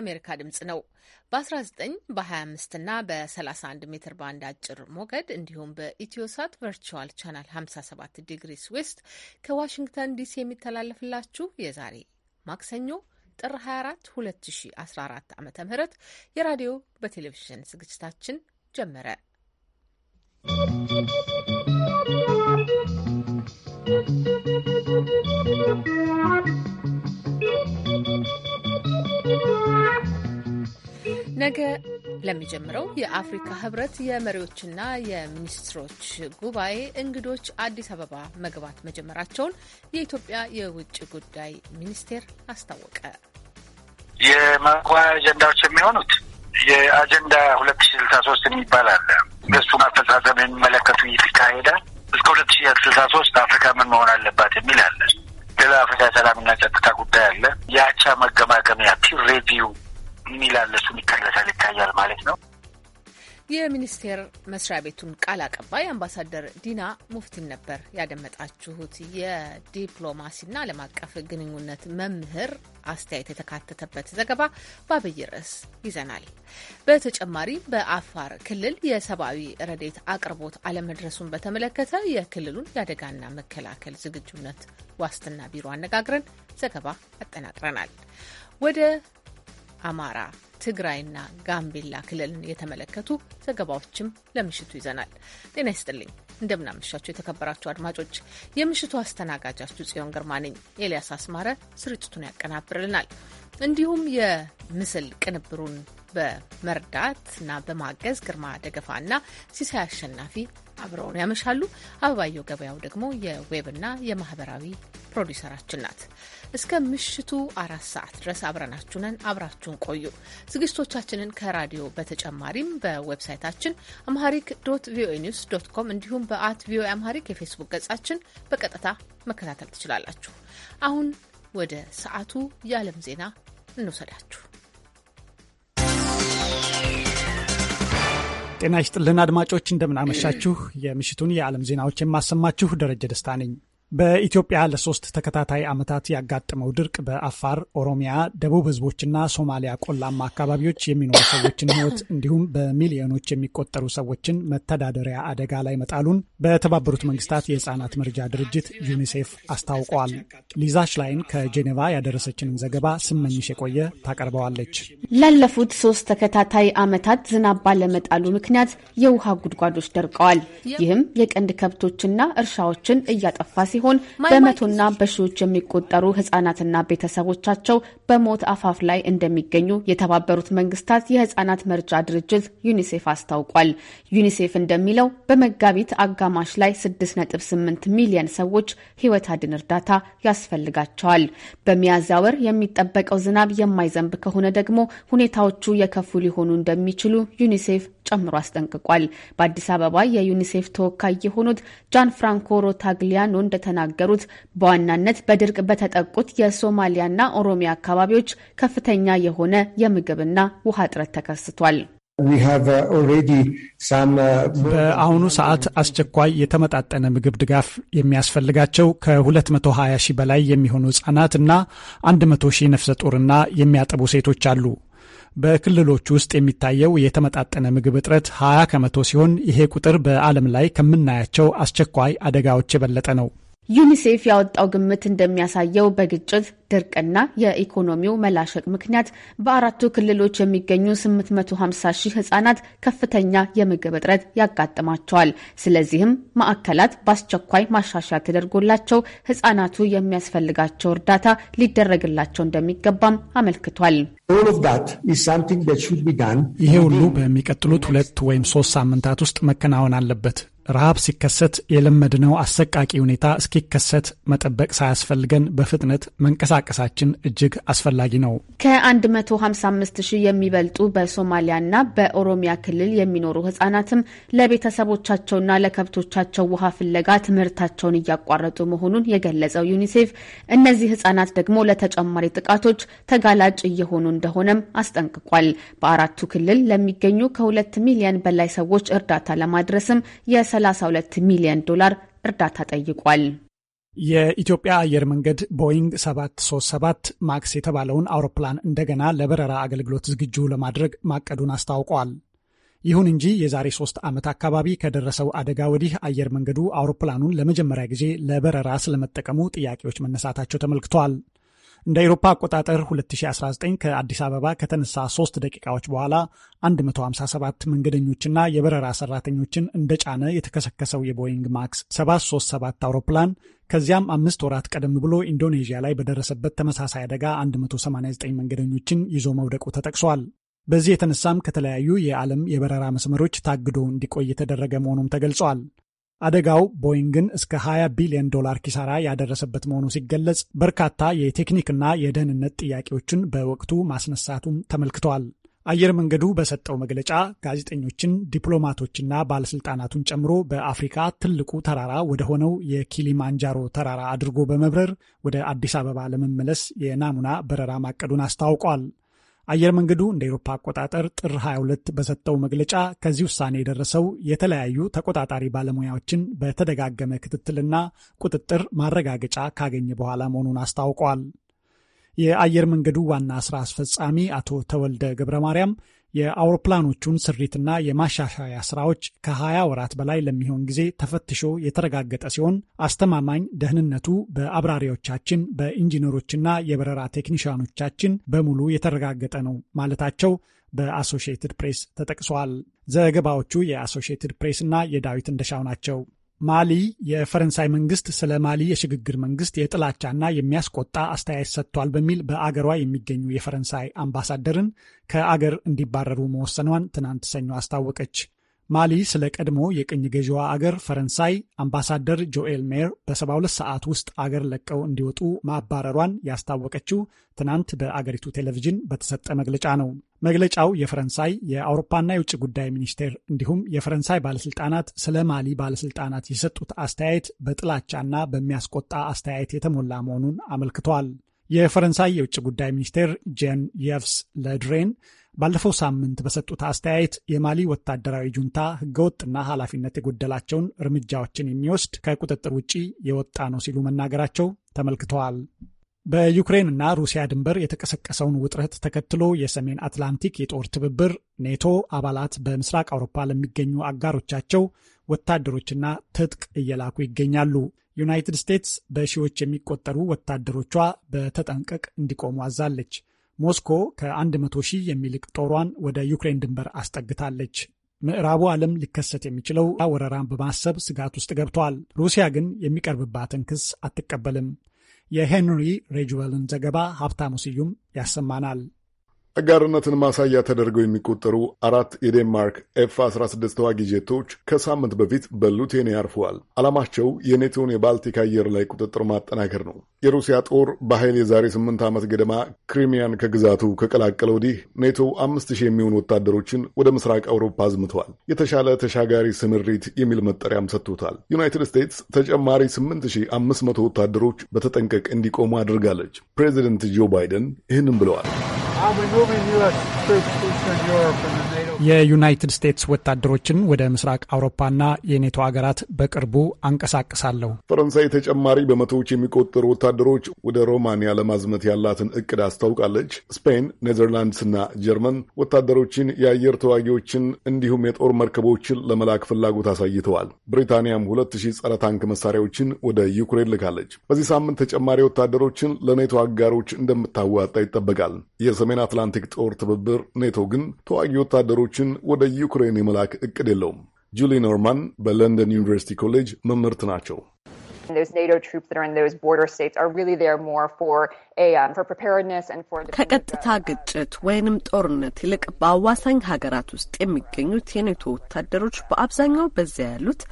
የአሜሪካ ድምጽ ነው። በ19 በ25 እና በ31 ሜትር ባንድ አጭር ሞገድ እንዲሁም በኢትዮሳት ቨርቹዋል ቻናል 57 ዲግሪስ ዌስት ከዋሽንግተን ዲሲ የሚተላለፍላችሁ የዛሬ ማክሰኞ ጥር 24 2014 ዓ ም የራዲዮ በቴሌቪዥን ዝግጅታችን ጀመረ። ¶¶ ነገ ለሚጀምረው የአፍሪካ ህብረት የመሪዎችና የሚኒስትሮች ጉባኤ እንግዶች አዲስ አበባ መግባት መጀመራቸውን የኢትዮጵያ የውጭ ጉዳይ ሚኒስቴር አስታወቀ። የመጓያ አጀንዳዎች የሚሆኑት የአጀንዳ ሁለት ሺ ስልሳ ሶስት የሚባል አለ። አፈጻጸም የሚመለከቱ ይካሄዳ እስከ ሁለት ሺ ስልሳ ሶስት አፍሪካ ምን መሆን አለባት የሚል አለ። ሌላ አፍሪካ ሰላምና ጸጥታ ጉዳይ አለ። የአቻ መገማገሚያ ፒር ሬቪው የሚላል እሱ ይከለሳል ይታያል ማለት ነው። የሚኒስቴር መስሪያ ቤቱን ቃል አቀባይ አምባሳደር ዲና ሙፍቲን ነበር ያደመጣችሁት። የዲፕሎማሲና ዓለም አቀፍ ግንኙነት መምህር አስተያየት የተካተተበት ዘገባ በአብይ ርዕስ ይዘናል። በተጨማሪም በአፋር ክልል የሰብአዊ ረዴት አቅርቦት አለመድረሱን በተመለከተ የክልሉን የአደጋና መከላከል ዝግጁነት ዋስትና ቢሮ አነጋግረን ዘገባ አጠናቅረናል። ወደ አማራ፣ ትግራይና ጋምቤላ ክልልን የተመለከቱ ዘገባዎችም ለምሽቱ ይዘናል። ጤና ይስጥልኝ፣ እንደምናመሻችሁ የተከበራችሁ አድማጮች፣ የምሽቱ አስተናጋጃችሁ ጽዮን ግርማ ነኝ። ኤልያስ አስማረ ስርጭቱን ያቀናብርልናል። እንዲሁም የምስል ቅንብሩን በመርዳትና በማገዝ ግርማ ደገፋና ሲሳይ አሸናፊ አብረውን ያመሻሉ። አበባየው ገበያው ደግሞ የዌብና የማህበራዊ ፕሮዲውሰራችን ናት። እስከ ምሽቱ አራት ሰዓት ድረስ አብረናችሁነን አብራችሁን ቆዩ። ዝግጅቶቻችንን ከራዲዮ በተጨማሪም በዌብሳይታችን አምሃሪክ ዶት ቪኦኤ ኒውስ ዶት ኮም እንዲሁም በአት ቪኦኤ አምሃሪክ የፌስቡክ ገጻችን በቀጥታ መከታተል ትችላላችሁ። አሁን ወደ ሰዓቱ የዓለም ዜና እንውሰዳችሁ። ጤና ይስጥልን አድማጮች፣ እንደምናመሻችሁ። የምሽቱን የዓለም ዜናዎች የማሰማችሁ ደረጀ ደስታ ነኝ። በኢትዮጵያ ለሶስት ተከታታይ ዓመታት ያጋጠመው ድርቅ በአፋር፣ ኦሮሚያ፣ ደቡብ ህዝቦችና ሶማሊያ ቆላማ አካባቢዎች የሚኖሩ ሰዎችን ህይወት እንዲሁም በሚሊዮኖች የሚቆጠሩ ሰዎችን መተዳደሪያ አደጋ ላይ መጣሉን በተባበሩት መንግስታት የህፃናት መርጃ ድርጅት ዩኒሴፍ አስታውቀዋል። ሊዛ ሽላይን ከጄኔቫ ያደረሰችንን ዘገባ ስመኝሽ የቆየ ታቀርበዋለች። ላለፉት ሶስት ተከታታይ ዓመታት ዝናብ ባለመጣሉ ምክንያት የውሃ ጉድጓዶች ደርቀዋል። ይህም የቀንድ ከብቶችና እርሻዎችን እያጠፋ ሲሆን ሲሆን በመቶና በሺዎች የሚቆጠሩ ህጻናትና ቤተሰቦቻቸው በሞት አፋፍ ላይ እንደሚገኙ የተባበሩት መንግስታት የህጻናት መርጃ ድርጅት ዩኒሴፍ አስታውቋል። ዩኒሴፍ እንደሚለው በመጋቢት አጋማሽ ላይ 6.8 ሚሊየን ሰዎች ህይወት አድን እርዳታ ያስፈልጋቸዋል። በሚያዝያ ወር የሚጠበቀው ዝናብ የማይዘንብ ከሆነ ደግሞ ሁኔታዎቹ የከፉ ሊሆኑ እንደሚችሉ ዩኒሴፍ ጨምሮ አስጠንቅቋል። በአዲስ አበባ የዩኒሴፍ ተወካይ የሆኑት ጃን ፍራንኮ ሮታግሊያኖ እንደተናገሩት በዋናነት በድርቅ በተጠቁት የሶማሊያና ኦሮሚያ አካባቢዎች ከፍተኛ የሆነ የምግብና ውሃ እጥረት ተከስቷል። uh, uh, በአሁኑ ሰዓት አስቸኳይ የተመጣጠነ ምግብ ድጋፍ የሚያስፈልጋቸው ከ220 ሺህ በላይ የሚሆኑ ህጻናት እና 100 ሺህ ነፍሰ ጡርና የሚያጠቡ ሴቶች አሉ። በክልሎች ውስጥ የሚታየው የተመጣጠነ ምግብ እጥረት 20 ከመቶ ሲሆን ይሄ ቁጥር በዓለም ላይ ከምናያቸው አስቸኳይ አደጋዎች የበለጠ ነው። ዩኒሴፍ ያወጣው ግምት እንደሚያሳየው በግጭት ድርቅና የኢኮኖሚው መላሸቅ ምክንያት በአራቱ ክልሎች የሚገኙ 850 ሺህ ህጻናት ከፍተኛ የምግብ እጥረት ያጋጥማቸዋል። ስለዚህም ማዕከላት በአስቸኳይ ማሻሻያ ተደርጎላቸው ህጻናቱ የሚያስፈልጋቸው እርዳታ ሊደረግላቸው እንደሚገባም አመልክቷል። ይሄ ሁሉ በሚቀጥሉት ሁለት ወይም ሶስት ሳምንታት ውስጥ መከናወን አለበት። ረሃብ ሲከሰት የለመድነው አሰቃቂ ሁኔታ እስኪከሰት መጠበቅ ሳያስፈልገን በፍጥነት መንቀሳቀሳችን እጅግ አስፈላጊ ነው። ከ155 ሺህ የሚበልጡ በሶማሊያና በኦሮሚያ ክልል የሚኖሩ ህጻናትም ለቤተሰቦቻቸውና ለከብቶቻቸው ውሃ ፍለጋ ትምህርታቸውን እያቋረጡ መሆኑን የገለጸው ዩኒሴፍ እነዚህ ህጻናት ደግሞ ለተጨማሪ ጥቃቶች ተጋላጭ እየሆኑ እንደሆነም አስጠንቅቋል። በአራቱ ክልል ለሚገኙ ከሁለት ሚሊዮን በላይ ሰዎች እርዳታ ለማድረስም ሚሊዮን ዶላር እርዳታ ጠይቋል። የኢትዮጵያ አየር መንገድ ቦይንግ 737 ማክስ የተባለውን አውሮፕላን እንደገና ለበረራ አገልግሎት ዝግጁ ለማድረግ ማቀዱን አስታውቋል። ይሁን እንጂ የዛሬ ሶስት ዓመት አካባቢ ከደረሰው አደጋ ወዲህ አየር መንገዱ አውሮፕላኑን ለመጀመሪያ ጊዜ ለበረራ ስለመጠቀሙ ጥያቄዎች መነሳታቸው ተመልክቷል። እንደ አውሮፓ አቆጣጠር 2019 ከአዲስ አበባ ከተነሳ ሶስት ደቂቃዎች በኋላ 157 መንገደኞችና የበረራ ሰራተኞችን እንደጫነ የተከሰከሰው የቦይንግ ማክስ 737 አውሮፕላን ከዚያም አምስት ወራት ቀደም ብሎ ኢንዶኔዥያ ላይ በደረሰበት ተመሳሳይ አደጋ 189 መንገደኞችን ይዞ መውደቁ ተጠቅሷል። በዚህ የተነሳም ከተለያዩ የዓለም የበረራ መስመሮች ታግዶ እንዲቆይ የተደረገ መሆኑም ተገልጿል። አደጋው ቦይንግን እስከ 20 ቢሊዮን ዶላር ኪሳራ ያደረሰበት መሆኑ ሲገለጽ በርካታ የቴክኒክና የደህንነት ጥያቄዎችን በወቅቱ ማስነሳቱም ተመልክተዋል። አየር መንገዱ በሰጠው መግለጫ ጋዜጠኞችን፣ ዲፕሎማቶችና ባለሥልጣናቱን ጨምሮ በአፍሪካ ትልቁ ተራራ ወደ ሆነው የኪሊማንጃሮ ተራራ አድርጎ በመብረር ወደ አዲስ አበባ ለመመለስ የናሙና በረራ ማቀዱን አስታውቋል። አየር መንገዱ እንደ ኤሮፓ አቆጣጠር ጥር 22 በሰጠው መግለጫ ከዚህ ውሳኔ የደረሰው የተለያዩ ተቆጣጣሪ ባለሙያዎችን በተደጋገመ ክትትልና ቁጥጥር ማረጋገጫ ካገኘ በኋላ መሆኑን አስታውቋል። የአየር መንገዱ ዋና ስራ አስፈጻሚ አቶ ተወልደ ገብረ ማርያም የአውሮፕላኖቹን ስሪትና የማሻሻያ ስራዎች ከ20 ወራት በላይ ለሚሆን ጊዜ ተፈትሾ የተረጋገጠ ሲሆን አስተማማኝ ደህንነቱ በአብራሪዎቻችን፣ በኢንጂነሮችና የበረራ ቴክኒሽያኖቻችን በሙሉ የተረጋገጠ ነው ማለታቸው በአሶሺየትድ ፕሬስ ተጠቅሷል። ዘገባዎቹ የአሶሺየትድ እና የዳዊት እንደሻው ናቸው። ማሊ የፈረንሳይ መንግስት ስለ ማሊ የሽግግር መንግስት የጥላቻና የሚያስቆጣ አስተያየት ሰጥቷል በሚል በአገሯ የሚገኙ የፈረንሳይ አምባሳደርን ከአገር እንዲባረሩ መወሰኗን ትናንት ሰኞ አስታወቀች። ማሊ ስለ ቀድሞ የቅኝ ገዢዋ አገር ፈረንሳይ አምባሳደር ጆኤል ሜር በ72 ሰዓት ውስጥ አገር ለቀው እንዲወጡ ማባረሯን ያስታወቀችው ትናንት በአገሪቱ ቴሌቪዥን በተሰጠ መግለጫ ነው። መግለጫው የፈረንሳይ የአውሮፓና የውጭ ጉዳይ ሚኒስቴር እንዲሁም የፈረንሳይ ባለስልጣናት ስለ ማሊ ባለስልጣናት የሰጡት አስተያየት በጥላቻና በሚያስቆጣ አስተያየት የተሞላ መሆኑን አመልክተዋል። የፈረንሳይ የውጭ ጉዳይ ሚኒስቴር ጄን የቭስ ለድሬን ባለፈው ሳምንት በሰጡት አስተያየት የማሊ ወታደራዊ ጁንታ ህገወጥና ኃላፊነት የጎደላቸውን እርምጃዎችን የሚወስድ ከቁጥጥር ውጪ የወጣ ነው ሲሉ መናገራቸው ተመልክተዋል። በዩክሬንና ሩሲያ ድንበር የተቀሰቀሰውን ውጥረት ተከትሎ የሰሜን አትላንቲክ የጦር ትብብር ኔቶ አባላት በምስራቅ አውሮፓ ለሚገኙ አጋሮቻቸው ወታደሮችና ትጥቅ እየላኩ ይገኛሉ። ዩናይትድ ስቴትስ በሺዎች የሚቆጠሩ ወታደሮቿ በተጠንቀቅ እንዲቆሙ አዛለች። ሞስኮ ከ100 ሺህ የሚልቅ ጦሯን ወደ ዩክሬን ድንበር አስጠግታለች። ምዕራቡ ዓለም ሊከሰት የሚችለው ወረራን በማሰብ ስጋት ውስጥ ገብተዋል። ሩሲያ ግን የሚቀርብባትን ክስ አትቀበልም። የሄንሪ ሬጅዌልን ዘገባ ሀብታሙ ስዩም ያሰማናል። አጋርነትን ማሳያ ተደርገው የሚቆጠሩ አራት የዴንማርክ ኤፍ 16 ተዋጊ ጄቶች ከሳምንት በፊት በሉቴን ያርፈዋል። ዓላማቸው የኔቶን የባልቲክ አየር ላይ ቁጥጥር ማጠናከር ነው። የሩሲያ ጦር በኃይል የዛሬ ስምንት ዓመት ገደማ ክሪሚያን ከግዛቱ ከቀላቀለ ወዲህ ኔቶ አምስት ሺህ የሚሆኑ ወታደሮችን ወደ ምስራቅ አውሮፓ አዝምተዋል። የተሻለ ተሻጋሪ ስምሪት የሚል መጠሪያም ሰጥቶታል። ዩናይትድ ስቴትስ ተጨማሪ መቶ ወታደሮች በተጠንቀቅ እንዲቆሙ አድርጋለች። ፕሬዚደንት ጆ ባይደን ይህንን ብለዋል። moving U.S. troops to Eastern Europe and the NATO የዩናይትድ ስቴትስ ወታደሮችን ወደ ምስራቅ አውሮፓና የኔቶ ሀገራት በቅርቡ አንቀሳቅሳለሁ። ፈረንሳይ ተጨማሪ በመቶዎች የሚቆጠሩ ወታደሮች ወደ ሮማንያ ለማዝመት ያላትን እቅድ አስታውቃለች። ስፔን፣ እና ጀርመን ወታደሮችን፣ የአየር ተዋጊዎችን እንዲሁም የጦር መርከቦችን ለመላክ ፍላጎት አሳይተዋል። ብሪታንያም ሁለት ሺህ ጸረ ታንክ መሳሪያዎችን ወደ ዩክሬን ልካለች። በዚህ ሳምንት ተጨማሪ ወታደሮችን ለኔቶ አጋሮች እንደምታዋጣ ይጠበቃል። የሰሜን አትላንቲክ ጦር ትብብር ኔቶ ግን ተዋጊ ወታደሮች ተማሪዎችን ወደ ዩክሬን የመላክ እቅድ የለውም። ጁሊ ኖርማን በለንደን ዩኒቨርሲቲ ኮሌጅ መምህርት ናቸው። um, ከቀጥታ ግጭት ወይንም ጦርነት ይልቅ በአዋሳኝ ሀገራት ውስጥ የሚገኙት የኔቶ ወታደሮች በአብዛኛው በዚያ ያሉት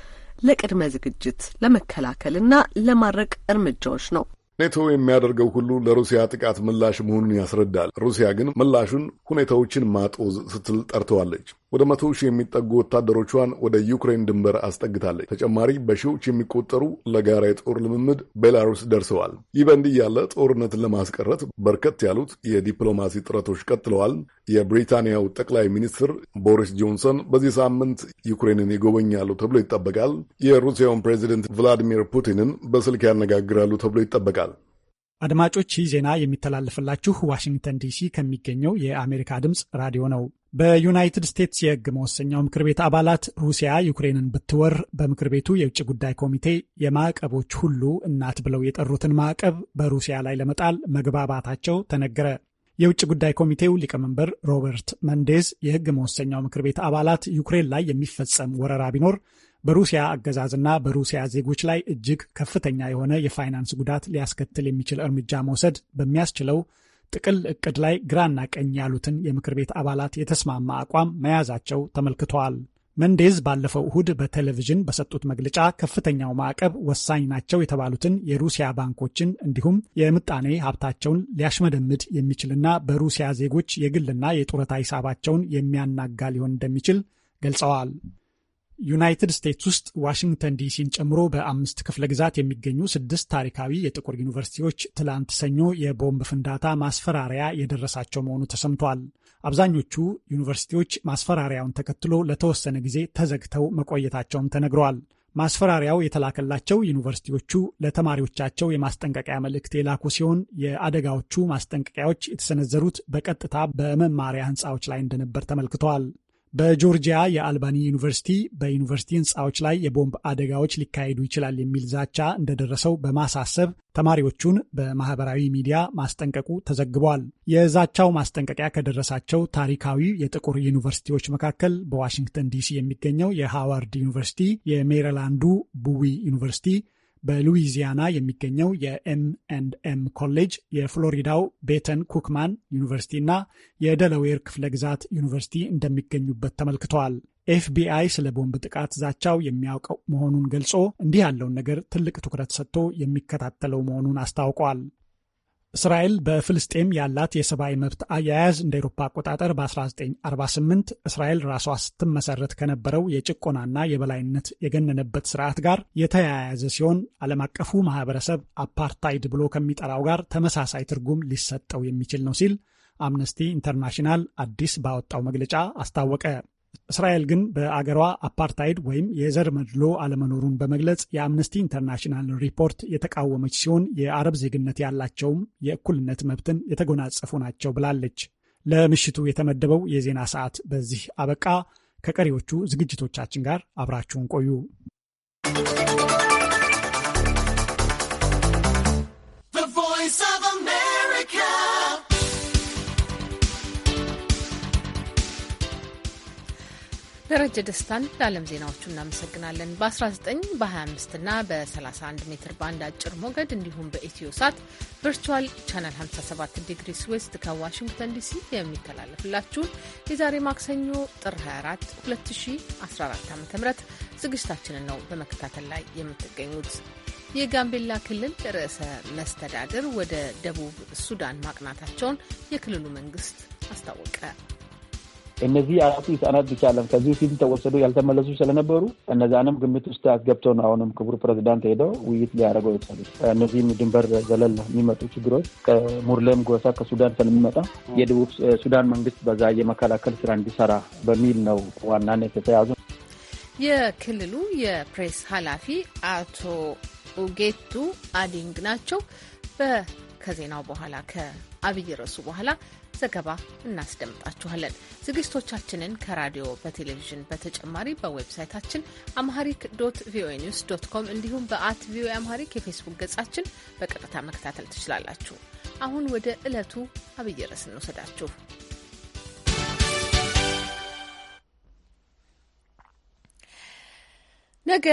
ለቅድመ ዝግጅት ለመከላከልና ለማድረቅ እርምጃዎች ነው። ኔቶ የሚያደርገው ሁሉ ለሩሲያ ጥቃት ምላሽ መሆኑን ያስረዳል። ሩሲያ ግን ምላሹን ሁኔታዎችን ማጦዝ ስትል ጠርተዋለች። ወደ መቶ ሺህ የሚጠጉ ወታደሮቿን ወደ ዩክሬን ድንበር አስጠግታለች። ተጨማሪ በሺዎች የሚቆጠሩ ለጋራ የጦር ልምምድ ቤላሩስ ደርሰዋል። ይህ በእንዲህ ያለ ጦርነትን ለማስቀረት በርከት ያሉት የዲፕሎማሲ ጥረቶች ቀጥለዋል። የብሪታንያው ጠቅላይ ሚኒስትር ቦሪስ ጆንሰን በዚህ ሳምንት ዩክሬንን ይጎበኛሉ ተብሎ ይጠበቃል። የሩሲያውን ፕሬዚደንት ቭላዲሚር ፑቲንን በስልክ ያነጋግራሉ ተብሎ ይጠበቃል። አድማጮች፣ ይህ ዜና የሚተላለፍላችሁ ዋሽንግተን ዲሲ ከሚገኘው የአሜሪካ ድምፅ ራዲዮ ነው። በዩናይትድ ስቴትስ የህግ መወሰኛው ምክር ቤት አባላት ሩሲያ ዩክሬንን ብትወር በምክር ቤቱ የውጭ ጉዳይ ኮሚቴ የማዕቀቦች ሁሉ እናት ብለው የጠሩትን ማዕቀብ በሩሲያ ላይ ለመጣል መግባባታቸው ተነገረ። የውጭ ጉዳይ ኮሚቴው ሊቀመንበር ሮበርት መንዴዝ የህግ መወሰኛው ምክር ቤት አባላት ዩክሬን ላይ የሚፈጸም ወረራ ቢኖር በሩሲያ አገዛዝና በሩሲያ ዜጎች ላይ እጅግ ከፍተኛ የሆነ የፋይናንስ ጉዳት ሊያስከትል የሚችል እርምጃ መውሰድ በሚያስችለው ጥቅል እቅድ ላይ ግራና ቀኝ ያሉትን የምክር ቤት አባላት የተስማማ አቋም መያዛቸው ተመልክተዋል። መንዴዝ ባለፈው እሁድ በቴሌቪዥን በሰጡት መግለጫ ከፍተኛው ማዕቀብ ወሳኝ ናቸው የተባሉትን የሩሲያ ባንኮችን እንዲሁም የምጣኔ ሀብታቸውን ሊያሽመደምድ የሚችልና በሩሲያ ዜጎች የግልና የጡረታ ሂሳባቸውን የሚያናጋ ሊሆን እንደሚችል ገልጸዋል። ዩናይትድ ስቴትስ ውስጥ ዋሽንግተን ዲሲን ጨምሮ በአምስት ክፍለ ግዛት የሚገኙ ስድስት ታሪካዊ የጥቁር ዩኒቨርሲቲዎች ትላንት ሰኞ የቦምብ ፍንዳታ ማስፈራሪያ የደረሳቸው መሆኑ ተሰምቷል። አብዛኞቹ ዩኒቨርሲቲዎች ማስፈራሪያውን ተከትሎ ለተወሰነ ጊዜ ተዘግተው መቆየታቸውም ተነግረዋል። ማስፈራሪያው የተላከላቸው ዩኒቨርሲቲዎቹ ለተማሪዎቻቸው የማስጠንቀቂያ መልእክት የላኩ ሲሆን የአደጋዎቹ ማስጠንቀቂያዎች የተሰነዘሩት በቀጥታ በመማሪያ ህንፃዎች ላይ እንደነበር ተመልክተዋል። በጆርጂያ የአልባኒ ዩኒቨርሲቲ በዩኒቨርሲቲ ህንፃዎች ላይ የቦምብ አደጋዎች ሊካሄዱ ይችላል የሚል ዛቻ እንደደረሰው በማሳሰብ ተማሪዎቹን በማህበራዊ ሚዲያ ማስጠንቀቁ ተዘግቧል። የዛቻው ማስጠንቀቂያ ከደረሳቸው ታሪካዊ የጥቁር ዩኒቨርሲቲዎች መካከል በዋሽንግተን ዲሲ የሚገኘው የሃዋርድ ዩኒቨርሲቲ፣ የሜሪላንዱ ቡዊ ዩኒቨርሲቲ በሉዊዚያና የሚገኘው የኤም ኤንድ ኤም ኮሌጅ፣ የፍሎሪዳው ቤተን ኩክማን ዩኒቨርሲቲ እና የደለዌር ክፍለ ግዛት ዩኒቨርሲቲ እንደሚገኙበት ተመልክተዋል። ኤፍቢአይ ስለ ቦምብ ጥቃት ዛቻው የሚያውቀው መሆኑን ገልጾ እንዲህ ያለውን ነገር ትልቅ ትኩረት ሰጥቶ የሚከታተለው መሆኑን አስታውቋል። እስራኤል በፍልስጤም ያላት የሰብአዊ መብት አያያዝ እንደ ኤሮፓ አቆጣጠር በ1948 እስራኤል ራሷ ስትመሰረት ከነበረው የጭቆናና የበላይነት የገነነበት ስርዓት ጋር የተያያዘ ሲሆን ዓለም አቀፉ ማህበረሰብ አፓርታይድ ብሎ ከሚጠራው ጋር ተመሳሳይ ትርጉም ሊሰጠው የሚችል ነው ሲል አምነስቲ ኢንተርናሽናል አዲስ ባወጣው መግለጫ አስታወቀ። እስራኤል ግን በአገሯ አፓርታይድ ወይም የዘር መድሎ አለመኖሩን በመግለጽ የአምነስቲ ኢንተርናሽናል ሪፖርት የተቃወመች ሲሆን የአረብ ዜግነት ያላቸውም የእኩልነት መብትን የተጎናጸፉ ናቸው ብላለች። ለምሽቱ የተመደበው የዜና ሰዓት በዚህ አበቃ። ከቀሪዎቹ ዝግጅቶቻችን ጋር አብራችሁን ቆዩ። ደረጀ ደስታን ለዓለም ዜናዎቹ እናመሰግናለን። በ19 በ25 እና በ31 ሜትር ባንድ አጭር ሞገድ እንዲሁም በኢትዮ ሳት ቨርቹዋል ቻናል 57 ዲግሪ ስዌስት ከዋሽንግተን ዲሲ የሚተላለፍላችሁን የዛሬ ማክሰኞ ጥር 24 2014 ዓ ም ዝግጅታችንን ነው በመከታተል ላይ የምትገኙት። የጋምቤላ ክልል ርዕሰ መስተዳድር ወደ ደቡብ ሱዳን ማቅናታቸውን የክልሉ መንግስት አስታወቀ። እነዚህ አራቱ ህጻናት ብቻ አለም ከዚህ ፊት ተወሰዱ ያልተመለሱ ስለነበሩ እነዛንም ግምት ውስጥ አስገብተው ነው አሁንም ክቡር ፕሬዚዳንት ሄደው ውይይት ሊያደርገው የቻሉት። እነዚህም ድንበር ዘለል የሚመጡ ችግሮች ከሙርሌም ጎሳ ከሱዳን ስለሚመጣ የደቡብ ሱዳን መንግስት በዛ የመከላከል ስራ እንዲሰራ በሚል ነው ዋናነት የተያዙ። የክልሉ የፕሬስ ኃላፊ አቶ ኡጌቱ አዲንግ ናቸው። ከዜናው በኋላ ከአብይ ርዕሱ በኋላ ዘገባ እናስደምጣችኋለን። ዝግጅቶቻችንን ከራዲዮ በቴሌቪዥን በተጨማሪ በዌብሳይታችን አምሃሪክ ዶት ቪኦኤ ኒውስ ዶት ኮም እንዲሁም በአት ቪኦኤ አምሃሪክ የፌስቡክ ገጻችን በቀጥታ መከታተል ትችላላችሁ። አሁን ወደ ዕለቱ አብይ ርዕስ ነገ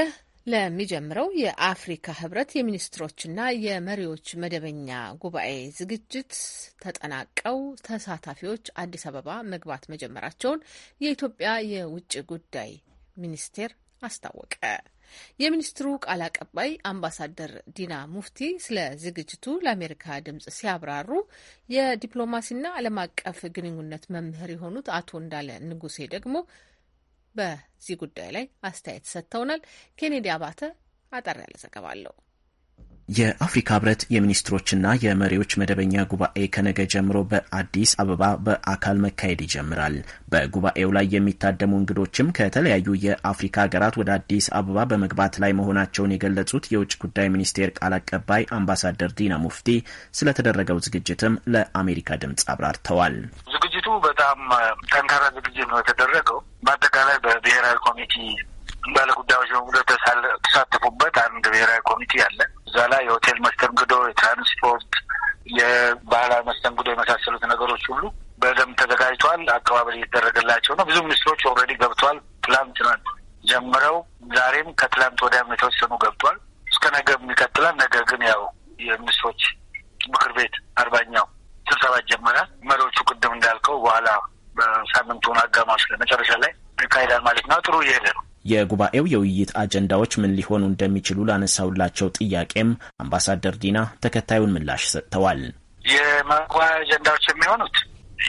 ለሚጀምረው የአፍሪካ ህብረት የሚኒስትሮችና የመሪዎች መደበኛ ጉባኤ ዝግጅት ተጠናቀው ተሳታፊዎች አዲስ አበባ መግባት መጀመራቸውን የኢትዮጵያ የውጭ ጉዳይ ሚኒስቴር አስታወቀ። የሚኒስትሩ ቃል አቀባይ አምባሳደር ዲና ሙፍቲ ስለ ዝግጅቱ ለአሜሪካ ድምጽ ሲያብራሩ የዲፕሎማሲና ዓለም አቀፍ ግንኙነት መምህር የሆኑት አቶ እንዳለ ንጉሴ ደግሞ በዚህ ጉዳይ ላይ አስተያየት ሰጥተውናል። ኬኔዲ አባተ አጠር ያለ ዘገባ አለው። የአፍሪካ ህብረት የሚኒስትሮችና የመሪዎች መደበኛ ጉባኤ ከነገ ጀምሮ በአዲስ አበባ በአካል መካሄድ ይጀምራል። በጉባኤው ላይ የሚታደሙ እንግዶችም ከተለያዩ የአፍሪካ ሀገራት ወደ አዲስ አበባ በመግባት ላይ መሆናቸውን የገለጹት የውጭ ጉዳይ ሚኒስቴር ቃል አቀባይ አምባሳደር ዲና ሙፍቲ ስለተደረገው ዝግጅትም ለአሜሪካ ድምፅ አብራርተዋል። ዝግጅቱ በጣም ጠንካራ ዝግጅት ነው የተደረገው። በአጠቃላይ በብሔራዊ ኮሚቲ ባለጉዳዮች ጉዳዮች በሙሉ ተሳተፉበት አንድ ብሔራዊ ኮሚቲ አለ። እዛ ላይ የሆቴል መስተንግዶ፣ የትራንስፖርት፣ የባህላዊ መስተንግዶ የመሳሰሉት ነገሮች ሁሉ በደንብ ተዘጋጅቷል። አቀባበል እየተደረገላቸው ነው። ብዙ ሚኒስትሮች ኦልሬዲ ገብተዋል። ትላንት ጀምረው ዛሬም ከትላንት ወዲያም የተወሰኑ ገብቷል። እስከ ነገም ይቀጥላል። ነገ ግን ያው የሚኒስትሮች ምክር ቤት አርባኛው ስብሰባ ይጀመራል። መሪዎቹ ቅድም እንዳልከው በኋላ በሳምንቱን አጋማሽ ለመጨረሻ ላይ ይካሄዳል ማለት ነው። ጥሩ እየሄደ ነው። የጉባኤው የውይይት አጀንዳዎች ምን ሊሆኑ እንደሚችሉ ላነሳውላቸው ጥያቄም አምባሳደር ዲና ተከታዩን ምላሽ ሰጥተዋል። የመግባቢያ አጀንዳዎች የሚሆኑት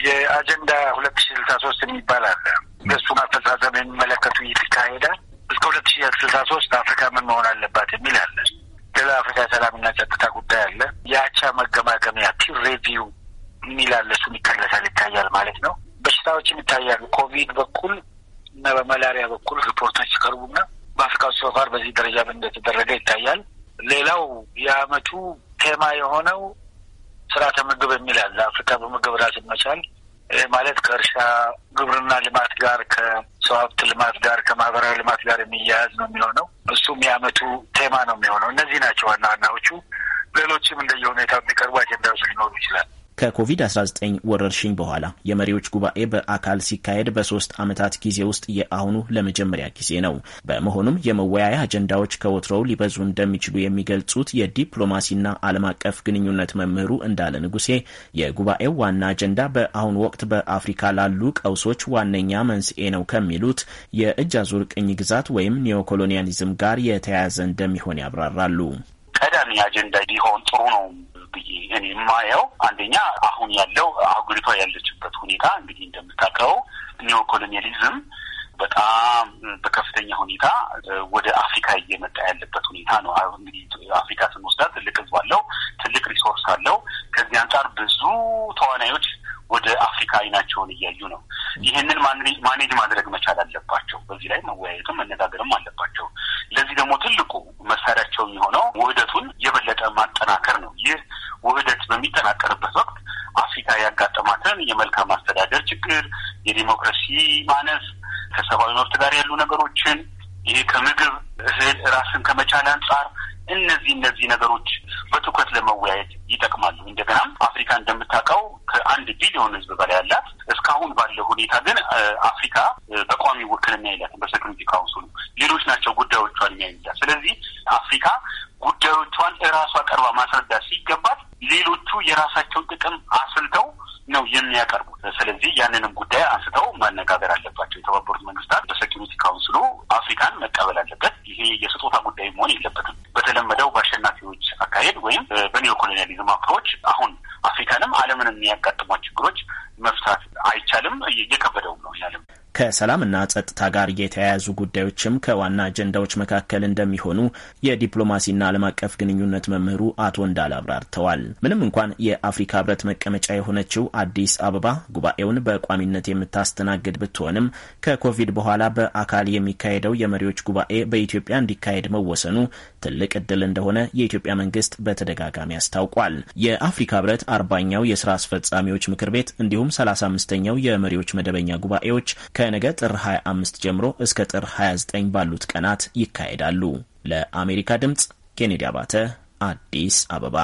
የአጀንዳ ሁለት ሺ ስልሳ ሶስት የሚባል አለ። አፈጻጸም የሚመለከቱ ውይይት ይካሄዳል። እስከ ሁለት ሺ ስልሳ ሶስት አፍሪካ ምን መሆን አለባት የሚል አለ። ስለ አፍሪካ ሰላምና ጸጥታ ጉዳይ አለ። የአቻ መገማገሚያ ፒር ሬቪው የሚላለ እሱም ይታገሳል ይታያል ማለት ነው። በሽታዎችም ይታያሉ። ኮቪድ በኩል እና በመላሪያ በኩል ሪፖርቶች ሲቀርቡና በአፍሪካ ውስጥ ሰፋር በዚህ ደረጃ እንደተደረገ ይታያል። ሌላው የአመቱ ቴማ የሆነው ስርዓተ ምግብ የሚል አለ። አፍሪካ በምግብ ራስን መቻል ማለት ከእርሻ ግብርና ልማት ጋር ከሰው ሀብት ልማት ጋር ከማህበራዊ ልማት ጋር የሚያያዝ ነው የሚሆነው። እሱም የአመቱ ቴማ ነው የሚሆነው። እነዚህ ናቸው ዋና ዋናዎቹ። ሌሎችም እንደየሁኔታው የሚቀርቡ አጀንዳዎች ሊኖሩ ይችላል። ከኮቪድ-19 ወረርሽኝ በኋላ የመሪዎች ጉባኤ በአካል ሲካሄድ በሶስት ዓመታት ጊዜ ውስጥ የአሁኑ ለመጀመሪያ ጊዜ ነው። በመሆኑም የመወያያ አጀንዳዎች ከወትሮው ሊበዙ እንደሚችሉ የሚገልጹት የዲፕሎማሲና ዓለም አቀፍ ግንኙነት መምህሩ እንዳለ ንጉሴ የጉባኤው ዋና አጀንዳ በአሁኑ ወቅት በአፍሪካ ላሉ ቀውሶች ዋነኛ መንስኤ ነው ከሚሉት የእጅ አዙር ቅኝ ግዛት ወይም ኒዮኮሎኒያሊዝም ጋር የተያያዘ እንደሚሆን ያብራራሉ። ቀዳሚ አጀንዳ ሊሆን ጥሩ ነው ብዬ እኔ የማየው አንደኛ አሁን ያለው አህጉሪቷ ያለችበት ሁኔታ እንግዲህ እንደምታውቀው ኒዮ ኮሎኒያሊዝም በጣም በከፍተኛ ሁኔታ ወደ አፍሪካ እየመጣ ያለበት ሁኔታ ነው። እንግዲህ አፍሪካ ስንወስዳ ትልቅ ህዝብ አለው፣ ትልቅ ሪሶርስ አለው። ከዚህ አንጻር ብዙ ተዋናዮች ወደ አፍሪካ አይናቸውን እያዩ ነው። ይህንን ማኔጅ ማድረግ መቻል አለባቸው። በዚህ ላይ መወያየትም መነጋገርም አለባቸው። ለዚህ ደግሞ ትልቁ መሳሪያቸው የሆነው ውህደቱን የበለጠ ማጠናከር ነው። ይህ ውህደት በሚጠናከርበት ወቅት አፍሪካ ያጋጠማትን የመልካም አስተዳደር ችግር፣ የዲሞክራሲ ማነስ፣ ከሰብአዊ መብት ጋር ያሉ ነገሮችን ይሄ ከምግብ እህል ራስን ከመቻል አንጻር እነዚህ እነዚህ ነገሮች በትኩረት ለመወያየት ይጠቅማሉ። እንደገናም አፍሪካ እንደምታውቀው ከአንድ ቢሊዮን ሕዝብ በላይ ያላት እስካሁን ባለው ሁኔታ ግን አፍሪካ በቋሚ ውክልና የላትም በሴኩሪቲ ካውንስሉ ሌሎች ናቸው ጉዳዮቿን የሚያዩላት። ስለዚህ አፍሪካ ጉዳዮቿን እራሷ ቀርባ ማስረዳት ሲገባት ሌሎቹ የራሳቸውን ጥቅም አስልተው ነው የሚያቀርቡት። ስለዚህ ያንንም ጉዳይ አንስተው መነጋገር አለባቸው። የተባበሩት መንግስታት በሴኪሪቲ ካውንስሉ አፍሪካን መቀበል አለበት። ይሄ የስጦታ ጉዳይ መሆን የለበትም። በተለመደው በአሸናፊዎች አካሄድ ወይም በኒዮ ኮሎኒያሊዝም አፕሮች አሁን አፍሪካንም ዓለምን የሚያጋጥሟት ችግሮች መፍታት አይቻልም። እየከበደውም ነው ያለም። ከሰላምና ጸጥታ ጋር የተያያዙ ጉዳዮችም ከዋና አጀንዳዎች መካከል እንደሚሆኑ የዲፕሎማሲና ዓለም አቀፍ ግንኙነት መምህሩ አቶ እንዳል አብራርተዋል። ምንም እንኳን የአፍሪካ ሕብረት መቀመጫ የሆነችው አዲስ አበባ ጉባኤውን በቋሚነት የምታስተናግድ ብትሆንም ከኮቪድ በኋላ በአካል የሚካሄደው የመሪዎች ጉባኤ በኢትዮጵያ እንዲካሄድ መወሰኑ ትልቅ እድል እንደሆነ የኢትዮጵያ መንግስት በተደጋጋሚ አስታውቋል። የአፍሪካ ሕብረት አርባኛው የስራ አስፈጻሚዎች ምክር ቤት እንዲሁም እንዲሁም 35ኛው የመሪዎች መደበኛ ጉባኤዎች ከነገ ጥር 25 ጀምሮ እስከ ጥር 29 ባሉት ቀናት ይካሄዳሉ። ለአሜሪካ ድምፅ ኬኔዲ አባተ አዲስ አበባ።